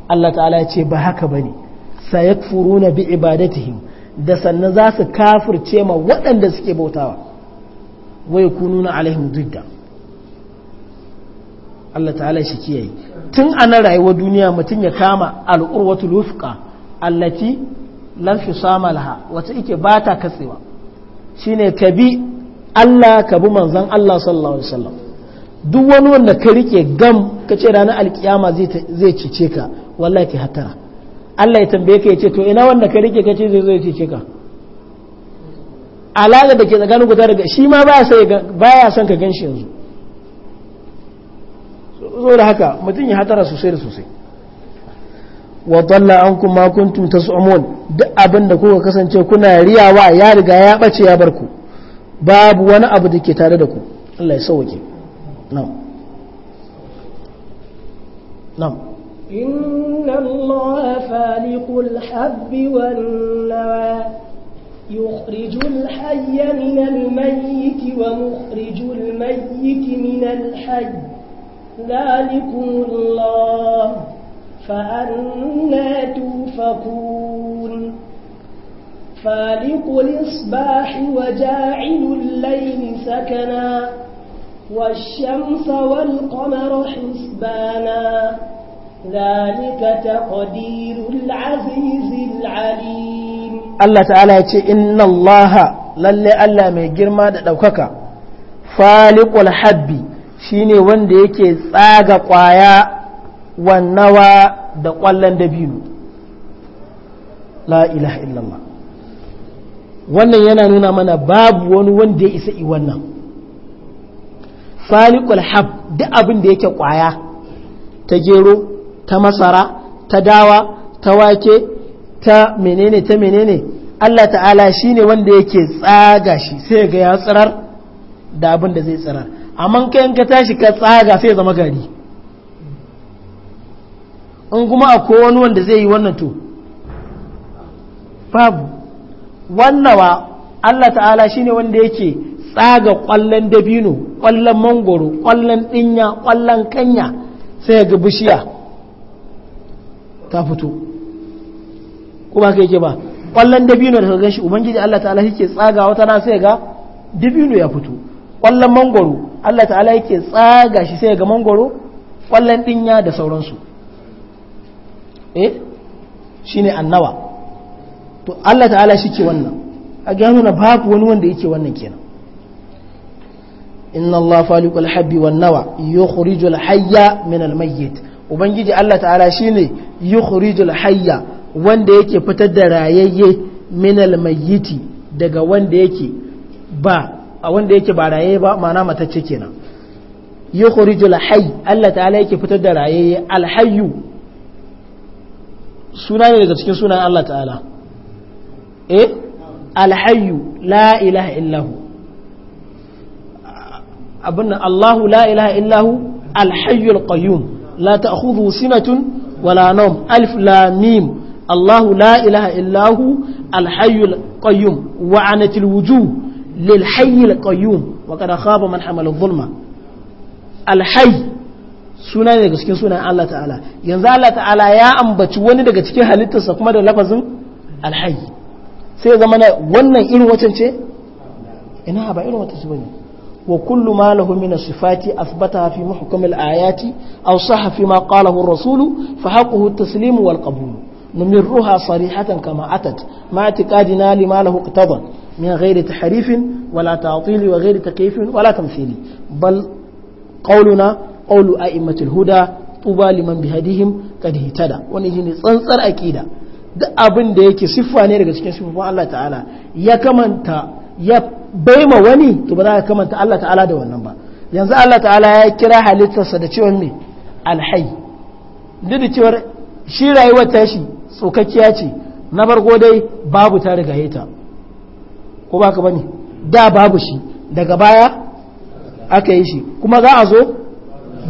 Allah ta'ala ya ce ba haka bane sayakfuruna bi ibadatihim da sannan za su kafirce ma waɗanda suke bautawa wai ku nuna alaihim dudda Allah ta'ala shi kiyaye tun a na rayuwar duniya mutum ya kama wata wufqa allati lan fisama laha wata ike ba ta katsewa Shi ne ka bi Allah ka bi manzon Allah sallallahu alaihi wasallam duk wani wanda ka rike gam ka ce ranar alkiyama zai cice ka wallahi ki hatara Allah ya tambaye ka ya ce to ina wanda ka rike ce zai zo ya cece ka alaƙa da ke tsakanin guda daga shi ma baya son ka gan shi yanzu so da haka mutum ya hatara sosai da sosai wa dalla an kuma kuntum tas'umun duk abin da kuka kasance kuna riyawa ya riga ya bace ya barku babu wani abu da ke tare da ku Allah ya sauke na'am na'am إن الله فالق الحب والنوى يخرج الحي من الميت ومخرج الميت من الحي ذلكم الله فأنا توفكون فالق الإصباح وجاعل الليل سكنا والشمس والقمر حسبانا ذلك تقدير العزيز العليم الله تعالى يقول إن الله للي ألا من جرما دوكك فالق الحب شيني wanda يكي ساقا قايا wannawa دقوالا kwallon لا إله إلا الله wannan yana nuna mana babu wani wanda ya isa wannan falikul hab duk abin da yake kwaya ta gero ta masara ta dawa ta wake ta menene ta menene Allah ta'ala shi ne wanda yake tsaga shi sai ga ya tsirar da abin da zai tsirar amma kai in ka tashi ka tsaga sai zama gari in kuma akwai wani wanda zai yi wannan to babu wannawa Allah ta'ala shi ne wanda yake tsaga ƙwallon dabino ƙwallon mangoro ƙwallon ɗinya ƙwallon kanya sai ga bishiya ta fito kuma ka yake ba kwallon dabino da gan shi ubangiji Allah ta'ala yake tsaga wata na sai ga dabino ya fito kwallon mangoro Allah ta'ala yake tsaga shi sai ga mangoro kwallon dinya da sauransu eh shine annawa to Allah ta'ala shi ke wannan a gano na babu wani wanda yake wannan kenan inna Allah faliqul habbi wan nawa yukhrijul hayya min al mayyit ubangiji Allah ta'ala shine yukhrijul hayya wanda yake fitar da rayayye minal mayyiti daga wanda yake ba a wanda yake ba raye ba mana matacce kenan yukhrijul hayy Allah ta'ala yake fitar da rayayye alhayyu suna ne daga cikin sunan Allah ta'ala eh alhayyu la ilaha illahu abinna Allahu la ilaha illahu alhayyul qayyum la ta'khudhu sinatun wala nawm alif lam la الله لا إله إلا هو الحي القيوم وعنت الوجوه للحي القيوم وقد خاب من حمل الظلمة الحي suna ne daga cikin sunan Allah ta'ala yanzu Allah ta'ala ya ambaci wani daga cikin halittarsa kuma da lafazin alhayi sai ya zama na wannan irin wacan ce bane وكل ما له من الصفات أثبتها في محكم الآيات أو صح فيما قاله الرسول فحقه التسليم والقبول نمرها صريحة كما أتت مع اعتقادنا لما له اقتضى من غير تحريف ولا تعطيل وغير تكييف ولا تمثيل بل قولنا قول أئمة الهدى طوبى لمن بهديهم قد اهتدى ونجي تsantsar akida duk abin da yake siffa ne daga cikin siffofin Allah ta'ala ya kamanta ya baima wani to ba za ka kamanta Allah ta'ala da wannan ba yanzu Allah ta'ala ya kira halittarsa da cewa me alhai duk da cewar shi rayuwar tashi tsokakkiya ce na farko dai babu ta rigaye ta ko ba ka bani da babu shi daga baya aka yi shi kuma za a zo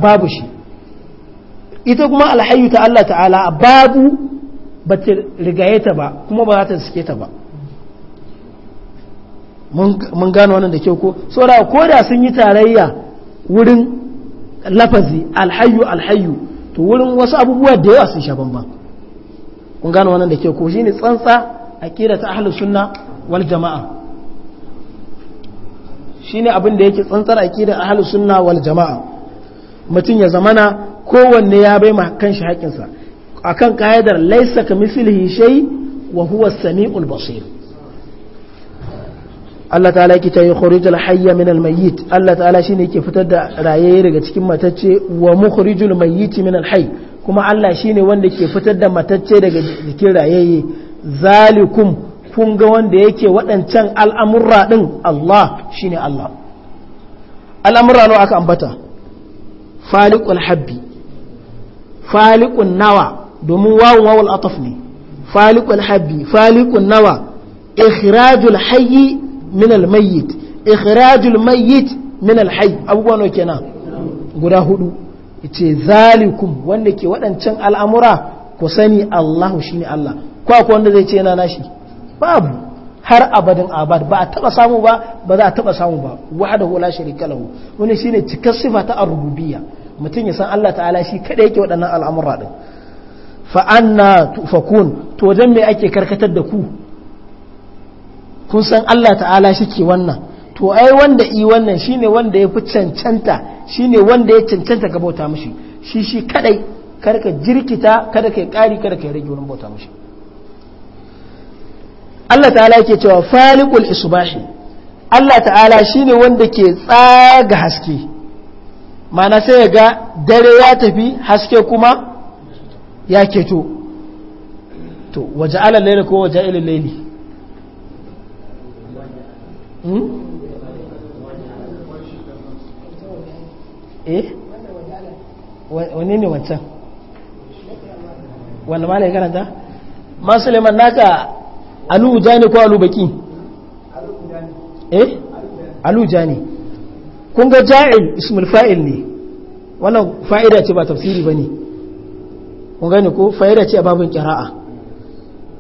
babu shi ita kuma alhayu ta Allah ta'ala babu ba ta rigaye ta ba kuma ba za ta suke ta ba mun gano wannan da kyau ko saboda ko da sun yi tarayya wurin lafazi alhayu alhayu to wurin wasu abubuwa da yawa sun sha bamban kun gano wannan da kyau ko shine tsantsa aqida ta ahlus sunna wal jamaa shine abin da yake tsantsar aqida ahlus sunna wal jamaa mutum ya zamana kowanne ya bai ma kanshi haƙinsa akan ka'idar laysa kamithlihi shay wa huwa as-sami'ul basir Allah ta'ala yake ta yukhrijul hayya min al mayyit Allah ta'ala shine yake fitar da raye daga cikin matacce wa mukhrijul mayyit min al kuma Allah shine wanda ke fitar da matacce daga jikin rayaye zalikum kun ga wanda yake waɗancan al'amurra din Allah shine Allah al'amurra nawa aka ambata faliqul habbi faliqun nawa domin wawu wawul ataf faliqul habbi faliqun nawa ikhrajul hayyi min al-mayyit ikhrajul mayyit min al-hayy abubuwa nawa kenan guda hudu yace zalikum wanda ke waɗancan al'amura ku sani Allah shine Allah ko akwai wanda zai ce yana nashi babu har abadin abad ba a taba samu ba ba za a taba samu ba wahdahu la sharika lahu wani shine cikar sifa ta a rububiyya mutum ya san Allah ta'ala shi kada yake waɗannan al'amura din fa anna tufakun to dan me ake karkatar da ku kun san Allah ta'ala shi ke wannan to ai wanda i wannan shi ne wanda ya fi cancanta shi ne wanda ya cancanta ka bauta mashi shi shi kadai kada jirkita kada ka kari kada ka rage wurin bauta mashi. Allah ta'ala yake cewa faliqul isbahi Allah ta'ala shi ne wanda ke tsaga haske mana sai ya ga dare ya tafi haske kuma ya keto to waje laila ko waje laili Hmm? eh wane ne wancan wanda malai karanta ma suleiman naka alu ne ko alu baki eh alu ne. kun ga ja'il ismul fa'il ne wannan fa'ida ce ba tafsiri ba ne kun gane ko fa'ida ce a babin kira'a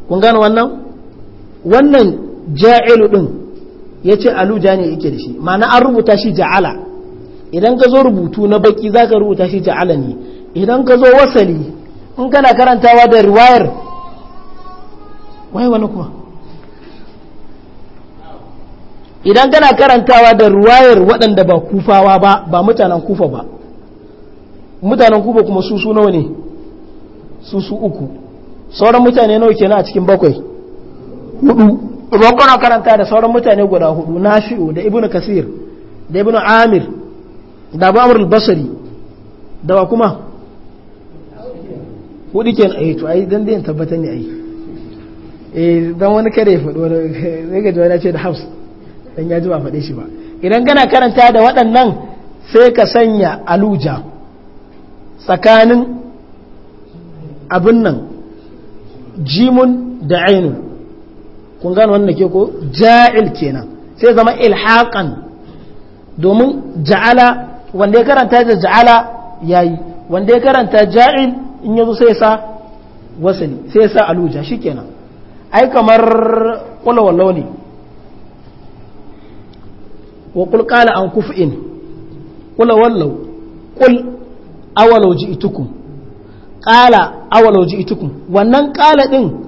kun gane wannan wannan ja'ilu din ya ce aluja ne yake da shi ma'ana an rubuta shi ja'ala idan ka zo rubutu na baki za ka rubuta shi ja'ala ne idan ka zo wasali in kana karantawa da riwayar wai wani kuma idan kana karantawa da riwayar waɗanda ba kufawa ba ba mutanen kufa ba mutanen kufa kuma su su nawa ne su su uku sauran mutane nawa kenan a cikin bakwai hudu ruwan karanta da sauran mutane guda hudu na shi'u da ibn kasir da ibn amir da abu amur basari da wa kuma hudu ke ai eh, to ai dan dai tabbatar ne ai eh dan wani kare ya faɗo wani ga jawai ce da hafs dan ya ji ba faɗe shi ba idan kana karanta da waɗannan sai ka sanya aluja tsakanin abin nan jimun da ainun kun gano wannan ke ko ja'il kenan sai zama ilhaqan domin ja'ala wanda ya karanta da ja'ala yayi wanda ya karanta ja'il in yazo sai sa wasali sai sa aluja shikenan ai kamar qul wallahu ne wa qul qala an kuf'in qul wallahu qul awalau ji'tukum qala awalau ji'tukum wannan qala din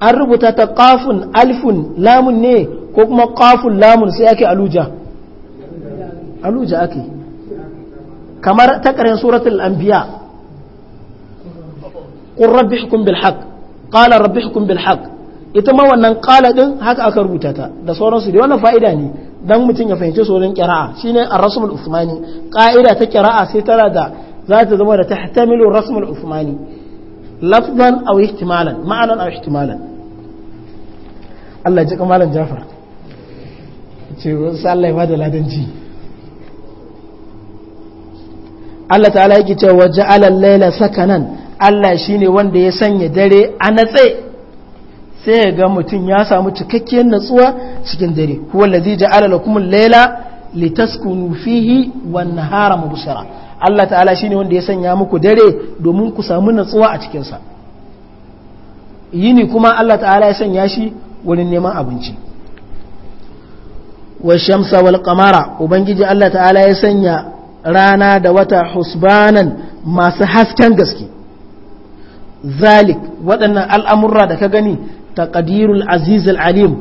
an rubuta ta kafin alfun lamun ne ko kuma kafin lamun sai ake aluja aluja ake kamar ta ƙarshen suratul anbiya qur rabbi hukum bilhaq haqq rabbi hukum bilhaq ita ma wannan qala din haka aka rubuta ta da sauransu da wannan fa'ida ne dan mutum ya fahimci sauran kira'a shine a rasmul uthmani qa'ida ta kira'a sai tana da za ta zama da tahtamilu rasmul usmani lafdan aw ihtimalan ma'anan aw ihtimalan Allah ya ji kamalan Jafar ce sai Allah ladanci Allah ta'ala yake cewa ja'ala al-laila nan. Allah shine wanda ya sanya dare a natse sai ya ga mutum ya samu cikakkiyar natsuwa cikin dare huwa allazi ja'ala lakum layla. laila litaskunu fihi wan nahara mubsira Allah ta'ala shi ne wanda ya sanya muku dare domin ku samu natsuwa a cikinsa yini kuma Allah ta'ala ya sanya shi wurin neman abinci wa shamsa wal qamara ubangiji Allah ta'ala ya sanya rana da wata husbanan masu hasken gaske zalik waɗannan al'amurra da ka gani ta ƙadirul aziz alim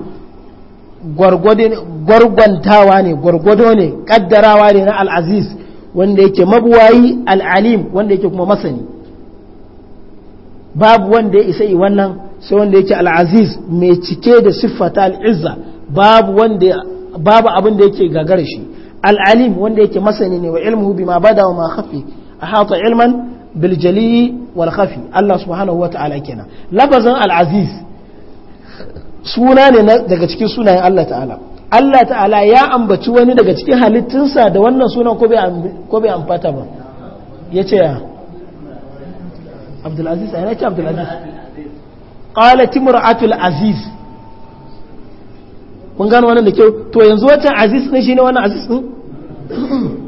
gwargwantawa ne gwargwado ne ƙaddarawa ne na al'aziz wanda yake mabuwayi al'alim wanda yake kuma masani babu wanda ya isa yi wannan sai wanda yake al'aziz mai cike da siffata al'izza babu wanda babu abin da yake gagara shi al'alim wanda yake masani ne wa ilmuhu ma bada wa ma a ahata ilman bil wal hafi Allah subhanahu wa ta'ala kenan lafazin al'aziz suna ne daga cikin sunayen Allah ta'ala Allah ta'ala ya ambaci wani daga cikin halittinsa da wannan sunan ko bai amfata ba ya ce ya abdulaziz a yana ce abdulaziz ƙala timur atul aziz kun gano wannan da kyau to yanzu wata aziz ne shi ne wannan aziz ɗin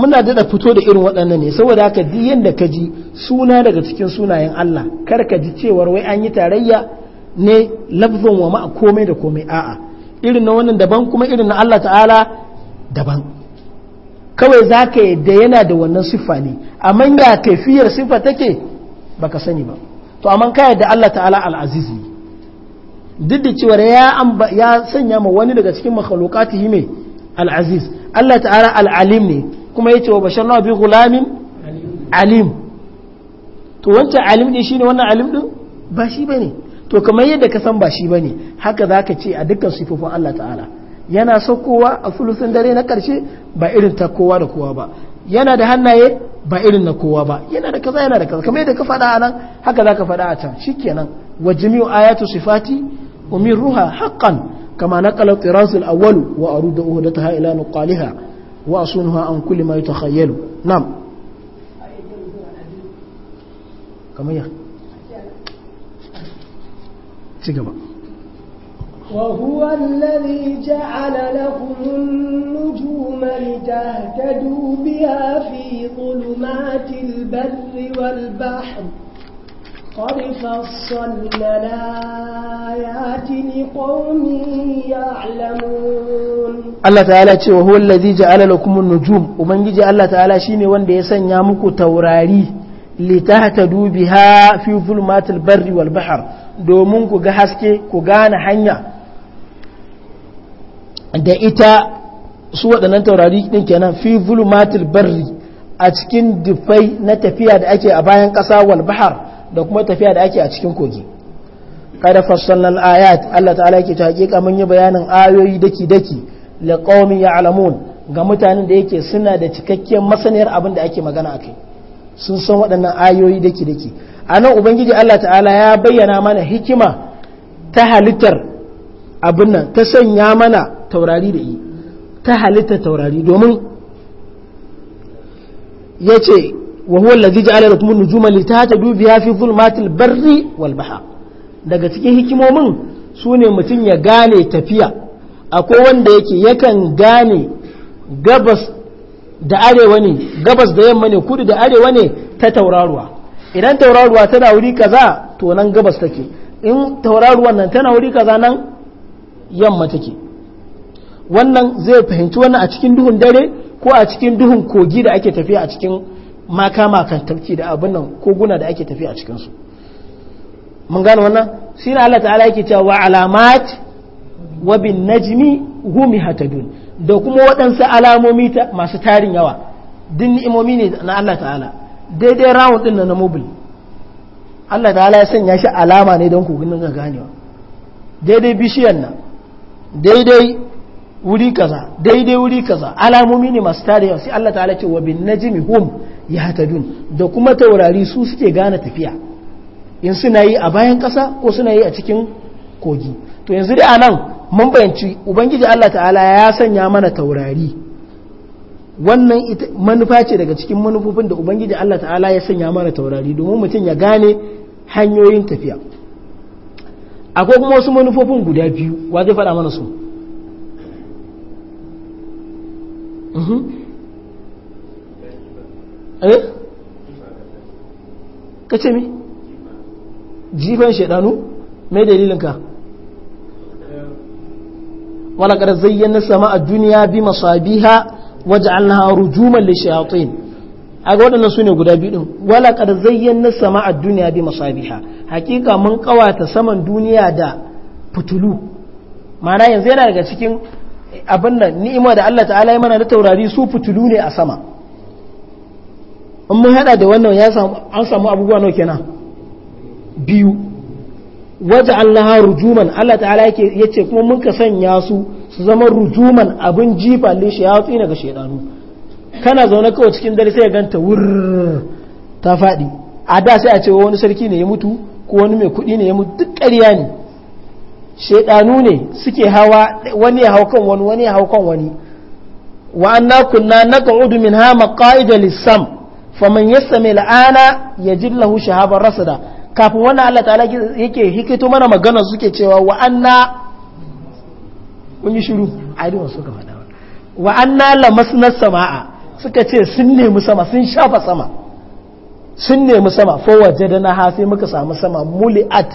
muna dada fito da irin waɗannan ne saboda haka diyan yadda ka ji suna daga cikin sunayen Allah kar ka ji cewar wai an yi tarayya ne lafzon wa ma'a komai da komai a'a irin na wannan daban kuma irin na Allah ta'ala daban kawai za ka yadda yana da wannan siffa ne amma ya kaifiyar siffa take baka sani ba to amma ka yadda Allah ta'ala al'aziz ne duk da cewar ya sanya ma wani daga cikin makhalukati mai al'aziz Allah ta'ala al'alim ne kuma ya ce wa bashar nawa bi gulamin alim to wancan alim ne shine wannan alim din ba shi ba ne. to kamar yadda ka san ba shi bane haka zaka ce a dukkan sifofin Allah ta'ala yana saukowa a sulusun dare na karshe ba irin ta kowa da kowa ba yana da hannaye ba irin na kowa ba yana da kaza yana da kaza kamar yadda ka faɗa a nan haka zaka faɗa a can shikenan wa jami'u ayatu sifati ruha haqqan kama na tiras al-awwal wa arudu uhdataha ila nuqaliha wa asunha an kulli ma yatakhayyalu nam kamar yadda cigaba وهو الذي جعل لكم النجوم لتهتدوا بها في ظلمات البر والبحر قد فصلنا الآيات لقوم يعلمون الله تعالى وهو الذي جعل لكم النجوم ومن يجي الله تعالى شيني وان يسن يامكو توراري لتهتدوا بها في ظلمات البر والبحر domin ku ga haske ku gane hanya da ita su waɗannan taurari ɗin kenan fi matil barri a cikin dufai na tafiya da ake a bayan ƙasa wal bahar da kuma tafiya da ake a cikin kogi kada fassalnal ayat Allah ta'ala yake ta hakika mun yi bayanin ayoyi daki daki la qaumi ya'lamun ga mutanen da yake suna da cikakken masaniyar abin da ake magana akai sun san waɗannan ayoyi daki daki a nan ubangiji Allah ta'ala ya bayyana mana hikima ta halittar abin nan ta sanya mana taurari da yi ta halittar taurari domin ya ce wa huwa allazi ja'ala lakum an-nujuma dubi ya fi dhulumatil barri walbaha. daga cikin hikimomin su ne mutum ya gane tafiya akwai wanda yake yakan gane gabas da arewa ne gabas da yamma ne kudu da arewa ne ta tauraruwa idan tauraruwa tana wuri kaza to nan gabas take in tauraruwan nan tana wuri kaza nan yamma take wannan zai fahimci wannan a cikin duhun dare ko a cikin duhun kogi da ake tafiya a cikin makama kan tafki da abin nan koguna da ake tafiya a cikin su mun gane wannan shi ne Allah ta'ala yake cewa alamat wa bin najmi humi hatadun da kuma waɗansu alamomi masu tarin yawa din ni'imomi ne na Allah ta'ala daidai rawun din na mobile Allah ta'ala ya sanya shi alama ne don kogin nan ganewa daidai bishiyan nan daidai wuri kaza daidai wuri kaza alamomi ne masu tare sai Allah ta'ala ce wa bin najmi hum yahtadun da kuma taurari su suke gane tafiya in suna yi a bayan kasa ko suna yi a cikin kogi to yanzu dai anan mun bayanci ubangiji Allah ta'ala ya sanya mana taurari wannan manufa ce daga cikin manufofin da ubangiji Allah ta'ala ya sanya mana taurari domin mutum ya gane hanyoyin tafiya akwai kuma wasu manufofin guda biyu wa zai faɗa mana su mhm. eh? kace mi jifan shaidanu mai dalilinka wala ƙarar zayyana sama a duniya bi masabiha waj'alnaha rujuman lishayatin aga waɗannan sune guda biyu din wala qad zayyana sama'a dunya bi masabiha hakika mun kawata saman duniya da fitulu ma'ana yanzu yana daga cikin abin nan ni'ima da Allah ta'ala ya mana na taurari su fitulu ne a sama in mun hada da wannan ya samu an samu abubuwa nawa kenan biyu waja'alnaha rujuman Allah ta'ala yake yace kuma mun ka sanya su su zama rujuman abin jifa ya watsi daga shaidanu kana zaune kawai cikin dare sai ya ganta wurr ta faɗi a da sai a ce wani sarki ne ya mutu ko wani mai kuɗi ne ya mutu duk ƙarya ne shaidanu ne suke hawa wani ya hau kan wani wani ya hau kan wani wa anna kunna udu min maq'ida lis-sam faman yastami al-ana yajid lahu shahaban rasada kafin wannan Allah ta'ala yake hikito mana magana suke cewa wa anna kun yi shiru a yi suka faɗa wa an na lamasnar sama'a suka ce sun nemi sama sun shafa sama sun nemi sama fowace da na hafi muka samu sama muli'at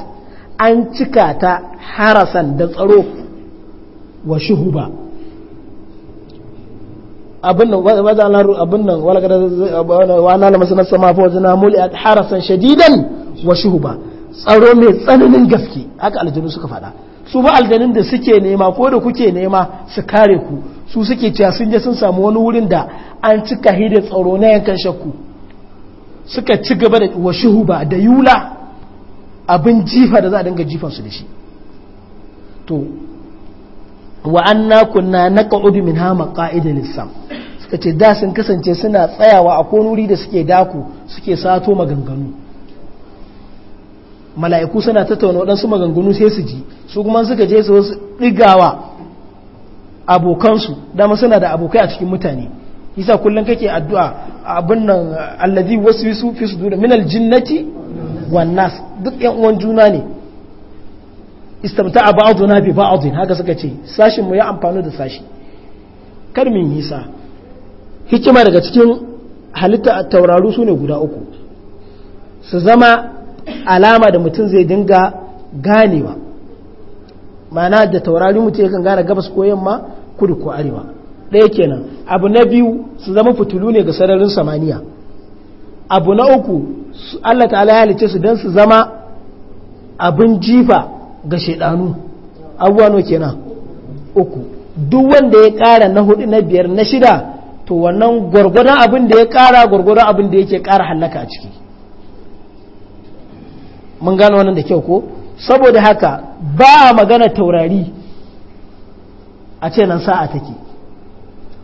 an cika ta harasan da tsaro wa shuhuba abin nan wajen abin nan wala lamasnar sama fowace na muli'at harasan shadidan wa shuhuba tsaro mai tsananin gaske haka aljanu suka faɗa su ba aljanin da suke nema ko da kuke nema su kare ku su suke cewa sun je sun samu wani wurin da an cika hidda tsaro na yankan shakku suka ci gaba da washihu ba da yula abin jifa da za a dinga su da shi to wa anna kunna naq'udu minha maqa'ida lis suka ce da sun kasance suna tsayawa a kon wuri da suke daku suke sato maganganu mala'iku suna tattauna waɗansu maganganu sai su ji su kuma suka je su wasu ɗigawa abokansu dama suna da abokai a cikin mutane isa kullum kake addu'a abin nan allazi wasu su fi su duna minal jinnati wannas duk yan uwan juna ne a ba'adu na bi ba'adu haka suka ce sashin mu ya amfani da sashi kar yisa hikima daga cikin halitta a tauraru sune guda uku su zama alama da mutum zai dinga ganewa mana da taurari mutum ya kan gane gabas ko yamma kudu ko arewa ɗaya kenan abu na biyu su zama fitulu ne ga sararin samaniya abu na uku Allah ta'ala ya halice su don su zama abin jifa ga shaidanu abuwa no kenan uku duk wanda ya kara na hudu na biyar na shida to wannan gwargwadon abin da ya ƙara gwargwadon abin da yake kara hallaka a ciki mun gano wannan da kyau ko saboda haka ba a magana taurari a ce nan sa'a take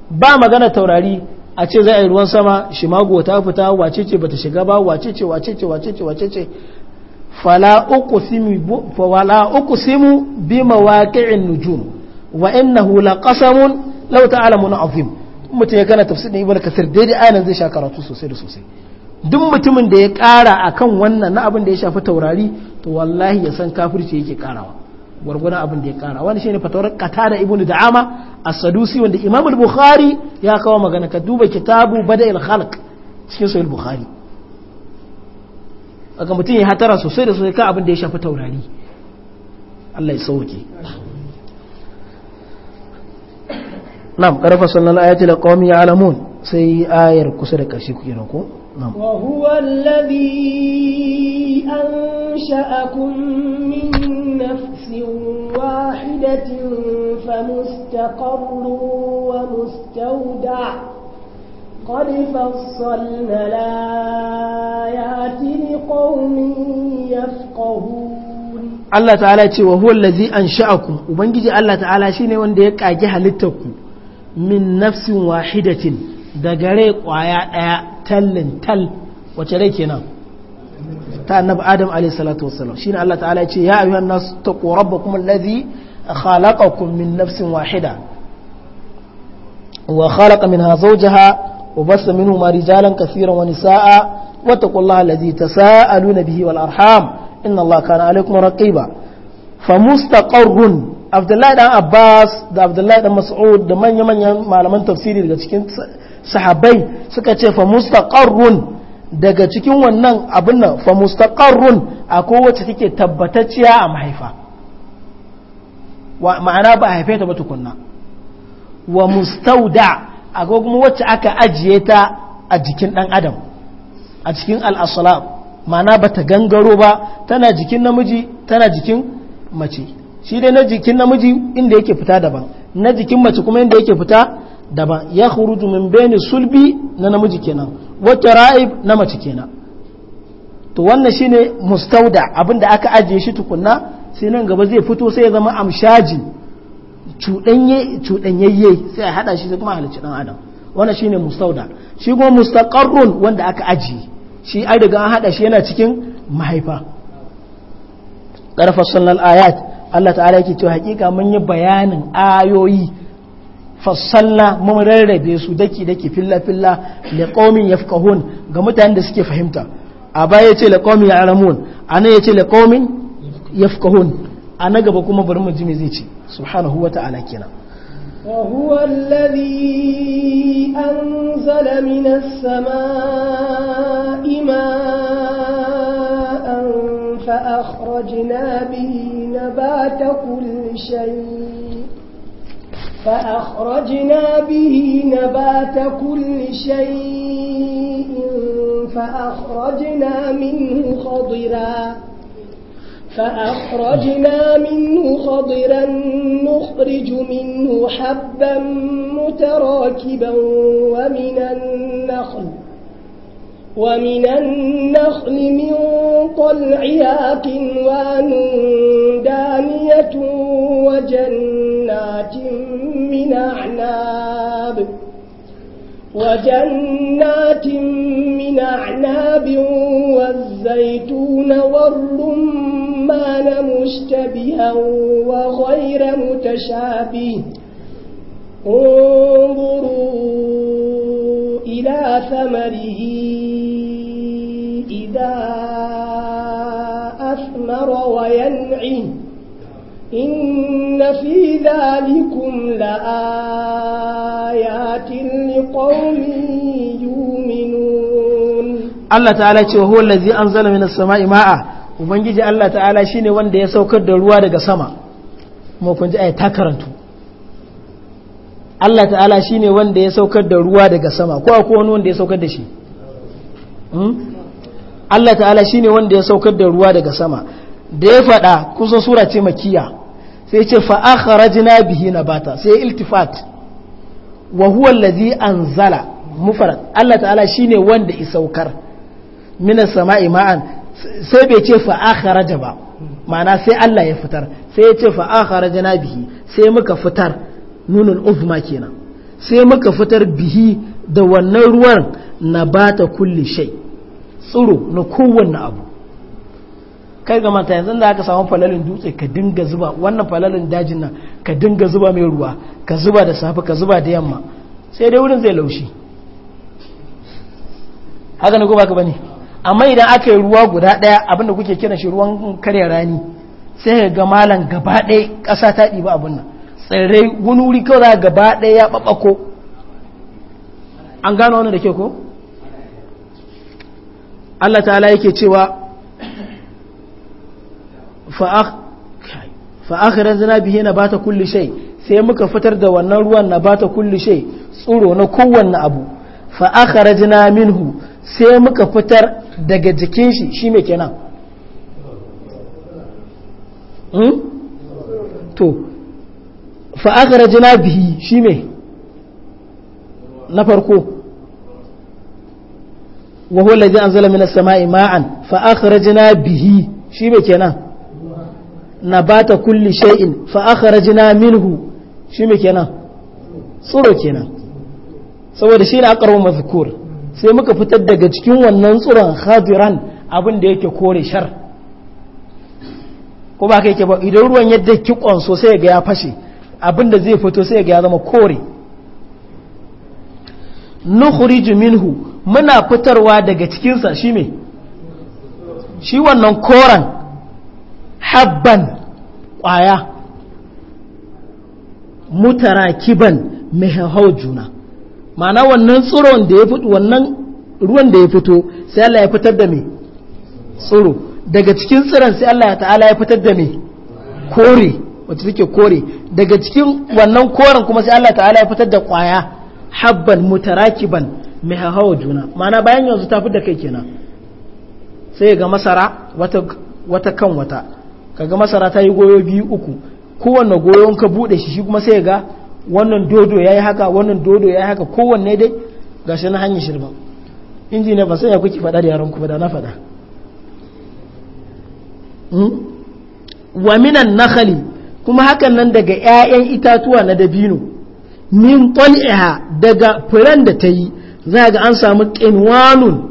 ba magana taurari a ce za a yi ruwan sama shimago ta fita wace ce bata shiga ba wace wace ce ce wace ce wace ce fala simu bi mawaqi'in nujum wa innahu laqasamun law ta'lamuna azim mutum ya gana tafsirin ibnu kasir daidai ayan zai sha karatu sosai da sosai duk mutumin da ya ƙara a kan wannan na abin da ya shafi taurari to wallahi ya san kafirci yake ƙarawa gwargwadon abin da ya ƙara wani shine fatawar da ibnu da'ama a sadusi wanda imam al-bukhari ya kawo magana ka duba kitabu Bada khalq cikin sahih bukhari aka mutum ya hatara sosai da sosai kan abin da ya shafi taurari Allah ya sauke ƙarfa sannan ayatul ayati ya ya'lamun sai ayar kusa da ƙarshe ku nan ko وهو الذي أنشأكم من نفس واحدة فمستقر ومستودع قد فصلنا الآيات لقوم يفقهون Allah ta'ala ce wa huwa allazi ansha'akum ubangiji Allah ta'ala shine wanda ya kage halittarku min nafsin wahidatin daga rai kwaya ɗaya. tallin tal wace rai kenan ta annabi adam alayhi salatu wassalam shine Allah ta'ala ya ce ya ayyuhan nas taqu rabbakum alladhi khalaqakum min nafsin wahida wa khalaqa minha zawjaha wa bassa minhuma rijalan kathiran wa nisaa wa taqullaha alladhi tasaaluna bihi wal arham inna Allah kana alaykum raqiba famustaqarrun Abdullahi dan Abbas da Abdullahi dan Mas'ud da manya-manyan malaman tafsiri daga cikin sahabbai suka ce fa mustaqarrun daga cikin wannan abin nan fa mustaqarrun akwai wacce take tabbatacciya a mahaifa Wa ma'ana ba a haife ta ba tukunna wa mustauda akwai kuma wacce aka ajiye ta a jikin dan adam a cikin al'asalam ma'ana ba ta gangaro ba tana jikin namiji tana jikin mace shi dai na jikin namiji inda yake fita daban na jikin mace kuma inda yake fita daban ya khuruju min baini sulbi na namiji kenan wata raib na mace kenan to wannan shine mustauda abinda aka ajiye shi tukunna sai nan gaba zai fito sai ya zama amshaji cuɗanye cuɗanyayye sai a hada shi sai kuma halicci dan adam wannan shine mustauda shi kuma mustaqarrun wanda aka ajiye shi ai daga an hada shi yana cikin mahaifa qarfa sunnal ayat Allah ta'ala yake cewa hakika mun yi bayanin ayoyi fassalla mun rarrabe su daki daki filla filla li qaumin yafqahun ga mutanen da suke fahimta a baya yace li qaumin ya'lamun ana yace li qaumin a ana gaba kuma bari mu jimi zai ce subhanahu wata'ala kenan وهو الذي أنزل من فأخرجنا به نبات كل شيء فأخرجنا به نبات كل شيء فأخرجنا منه خضرا فأخرجنا منه خضرا نخرج منه حبا متراكبا ومن النخل ومن النخل من طلعها كنوان دانية وجنات من أعناب وجنات من أعناب والزيتون والرمان مشتبها وغير متشابه انظروا إلى ثمره إذا أثمر وينعي إن في ذلكم لآيات لقوم يؤمنون الله تعالى هو الذي أنزل من السماء ماء ubangiji Allah ta'ala shine wanda ya saukar da ruwa daga sama mu kun ji ta karantu Allah ta'ala shine wanda ya saukar da ruwa daga sama ko akwai wani wanda ya saukar da shi hmm? Allah ta'ala shine wanda ya saukar da ruwa daga sama da ya faɗa kusa sura ce makiya sai ce fa'akharajna bihi bata sai iltifat wa huwa allazi anzala mufrad Allah ta'ala shine wanda ya saukar minas sama'i ma'an sai bai ce fa'akharaja ba ma'ana sai Allah ya fitar sai ya ce fa'akharajna bihi sai muka fitar nunul uzma kenan sai muka fitar bihi da wannan ruwan na bata kulli shai. tsiro na kowanne abu kai ga mata yanzu da aka samu falalin dutse ka dinga zuba wannan falalin dajin nan ka dinga zuba mai ruwa ka zuba da safe ka zuba da yamma sai dai wurin zai laushi haka ne ko baka bane amma idan aka yi ruwa guda daya abinda kuke kiran shi ruwan karya rani sai ga malan gaba ɗaya ƙasa ta ɗiba abin nan tsirrai wani wuri kawai gaba ɗaya ya babako an gano wani da ke ko Allah ta'ala yake cewa fa'akhirar zina bihe na bata kulli shai sai muka fitar da wannan ruwan na bata kulli shai tsoro na kowanne abu fa'akhirar zina minhu sai muka fitar daga jikin shi shi mai kenan hmm? to fa'akhirar zina bihi shi mai na farko wa ji an zala minas sama'i ma'an fa akhrajna bihi shi me kenan nabata kulli shay'in fa akhrajna minhu shi me kenan tsiro kenan saboda shi ne aqrabu mazkur sai muka fitar daga cikin wannan tsiron hadiran abin da yake kore shar ko ba kai ke ba idan ruwan yadda ki sosai sai ga ya fashe abin da zai fito sai ga ya zama kore nukhriju minhu muna fitarwa daga cikinsa shi me shi wannan koran habban ƙwaya mutarakiban mai hau juna mana wannan tsiron da ya fito wannan ruwan da ya fito sai Allah ya fitar da me tsiro daga cikin tsiran sai Allah ta'ala ya fitar da me kore wacce take kore daga cikin wannan koren kuma sai Allah ta'ala ya fitar da ƙwaya habban mutarakiban mai hawa juna mana bayan yanzu ta da kai kenan sai ga masara wata, wata kan wata kaga masara ta yi goyo biyu uku kowanne goyon ka bude shi shi kuma sai ga wannan dodo ya yi haka wannan dodo ya yi haka kowanne dai ga shi na hanyar shirma inji ne ba sai ya kuke faɗa da yaron ku ba da na faɗa hmm? wa minan nakhali kuma hakan nan daga 'ya'yan itatuwa na dabino min ƙwal'iha daga furen da ta yi za ga an samu ƙinwanun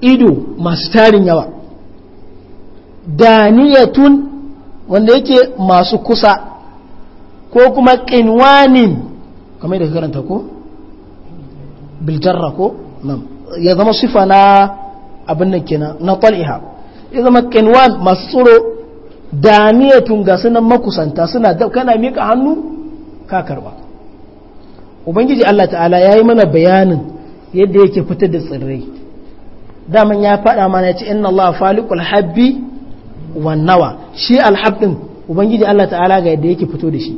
ido masu tarin yawa daniyatun wanda yake masu kusa ko kuma ƙinwanin kamar da karanta ko? biljarra ko? ya zama sifa na abin nan kenan na ƙwal'iha ya zama ƙinwan masu tsoro daniyatun ga sunan makusanta suna kana miƙa hannu ka karba ubangiji Allah ta'ala ya yi mana bayanin yadda yake fitar da tsirrai daman ya faɗa mana ya ce inna Allah faliqul habbi wan nawa shi alhabdin ubangiji Allah ta'ala ga yadda yake fito da shi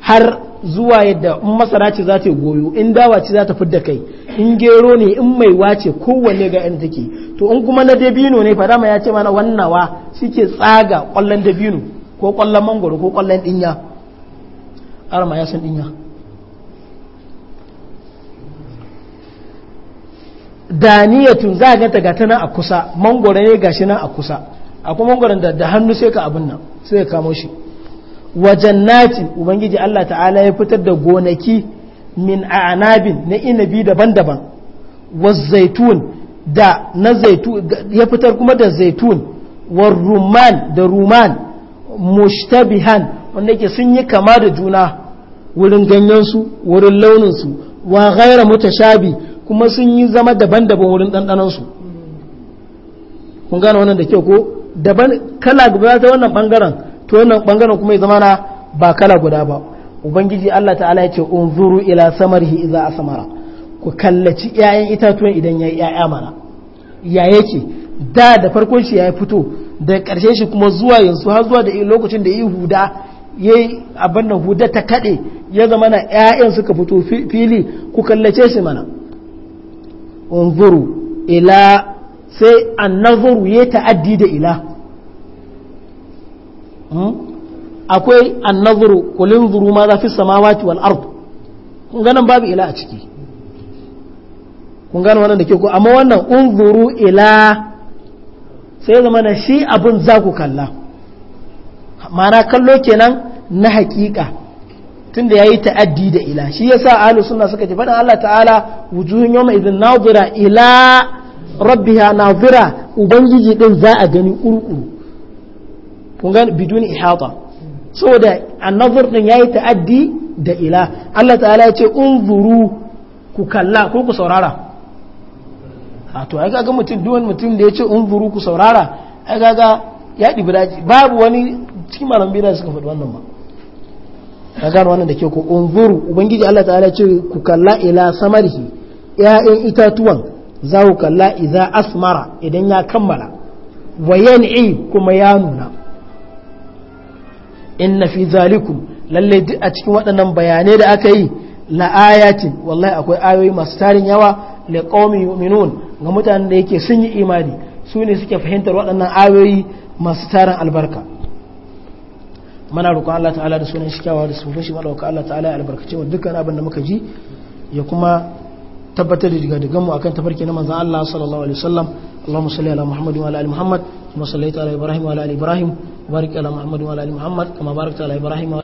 har zuwa yadda in masara ce za ta goyo in dawa ce za ta da kai in gero ne in mai wace kowanne ga yan take to in kuma na dabino ne fa dama ya ce mana wannawa suke tsaga kwallon dabino ko kwallon mangoro ko kwallon dinya arma ya san dinya daniyatun za a ganta ga tana a kusa mangoro ne gashi nan a kusa akwai mangoron da da hannu sai ka abin nan sai ka kamo shi wa nati, ubangiji Allah ta'ala ya fitar da gonaki min anabin na inabi daban-daban wa zaitun da na zaitun ya fitar kuma da zaitun wa rumman da ruman mushtabihan wanda yake sun yi kama da juna wurin ganyensu wurin launinsu wa ghaira mutashabi kuma sun yi zama daban-daban wurin ɗanɗanansu kun gane wannan da kyau ko daban kala guda ta wannan ɓangaren to wannan ɓangaren kuma ya zama na ba kala guda ba ubangiji allah ta'ala ya ce unzuru ila samarhi iza samara ku kallaci 'ya'yan itatuwan idan ya yi 'ya'ya mana ya yake da da farkon shi ya fito da ƙarshe shi kuma zuwa yanzu har zuwa da lokacin da yi huda ya yi abin da huda ta kaɗe ya zama na 'ya'yan suka fito fili ku kallace shi mana unzuru ila sai annazuru ya ta'addi da ila hmm? akwai annazuru kulin zuru ma za fi samawati wal ard kun ganin babu ila a ciki kun gano wannan da ke ku amma wannan unzuru ila sai zama na shi abin za ku kalla ma'ana kallo kenan na haƙiƙa. tunda yayi ta'addi da ila shi ya sa ahlu suna suka ce faɗin Allah ta'ala wujuhun mai izin nazira ila rabbiha nazira ubangiji din za a gani kurkuru kun ga biduni ihata saboda an ɗin din yi ta'addi da ila Allah ta'ala ya ce unzuru ku kalla ko ku saurara a to ai kaga mutum duwan mutum da ya ce unzuru ku saurara ai kaga ya dibi babu wani cikin malam da suka faɗi wannan ba ka gano wannan da ke ku unzuru ubangiji Allah ta'ala ce ku kalla ila samarhi ya'yan itatuwan za ku kalla idza asmara idan ya kammala wa yan'i kuma ya nuna inna fi zalikum lalle duk a cikin waɗannan bayanai da aka yi la ayatin wallahi akwai ayoyi masu tarin yawa li qaumi yu'minun ga mutanen da yake sun yi imani su ne suke fahimtar waɗannan ayoyi masu tarin albarka mana roƙon Allah ta'ala da sunan shikawa da sun fashi madauka Allah ta'ala ya albarkace wa dukkan abin da muka ji ya kuma tabbatar da diga diganmu akan tafarki na manzon Allah sallallahu alaihi wasallam Allahumma salli ala Muhammad wa ala ali Muhammad kuma sallaita ala Ibrahim wa ala Ibrahim barik ala Muhammad wa ala Muhammad kama barakta ala Ibrahim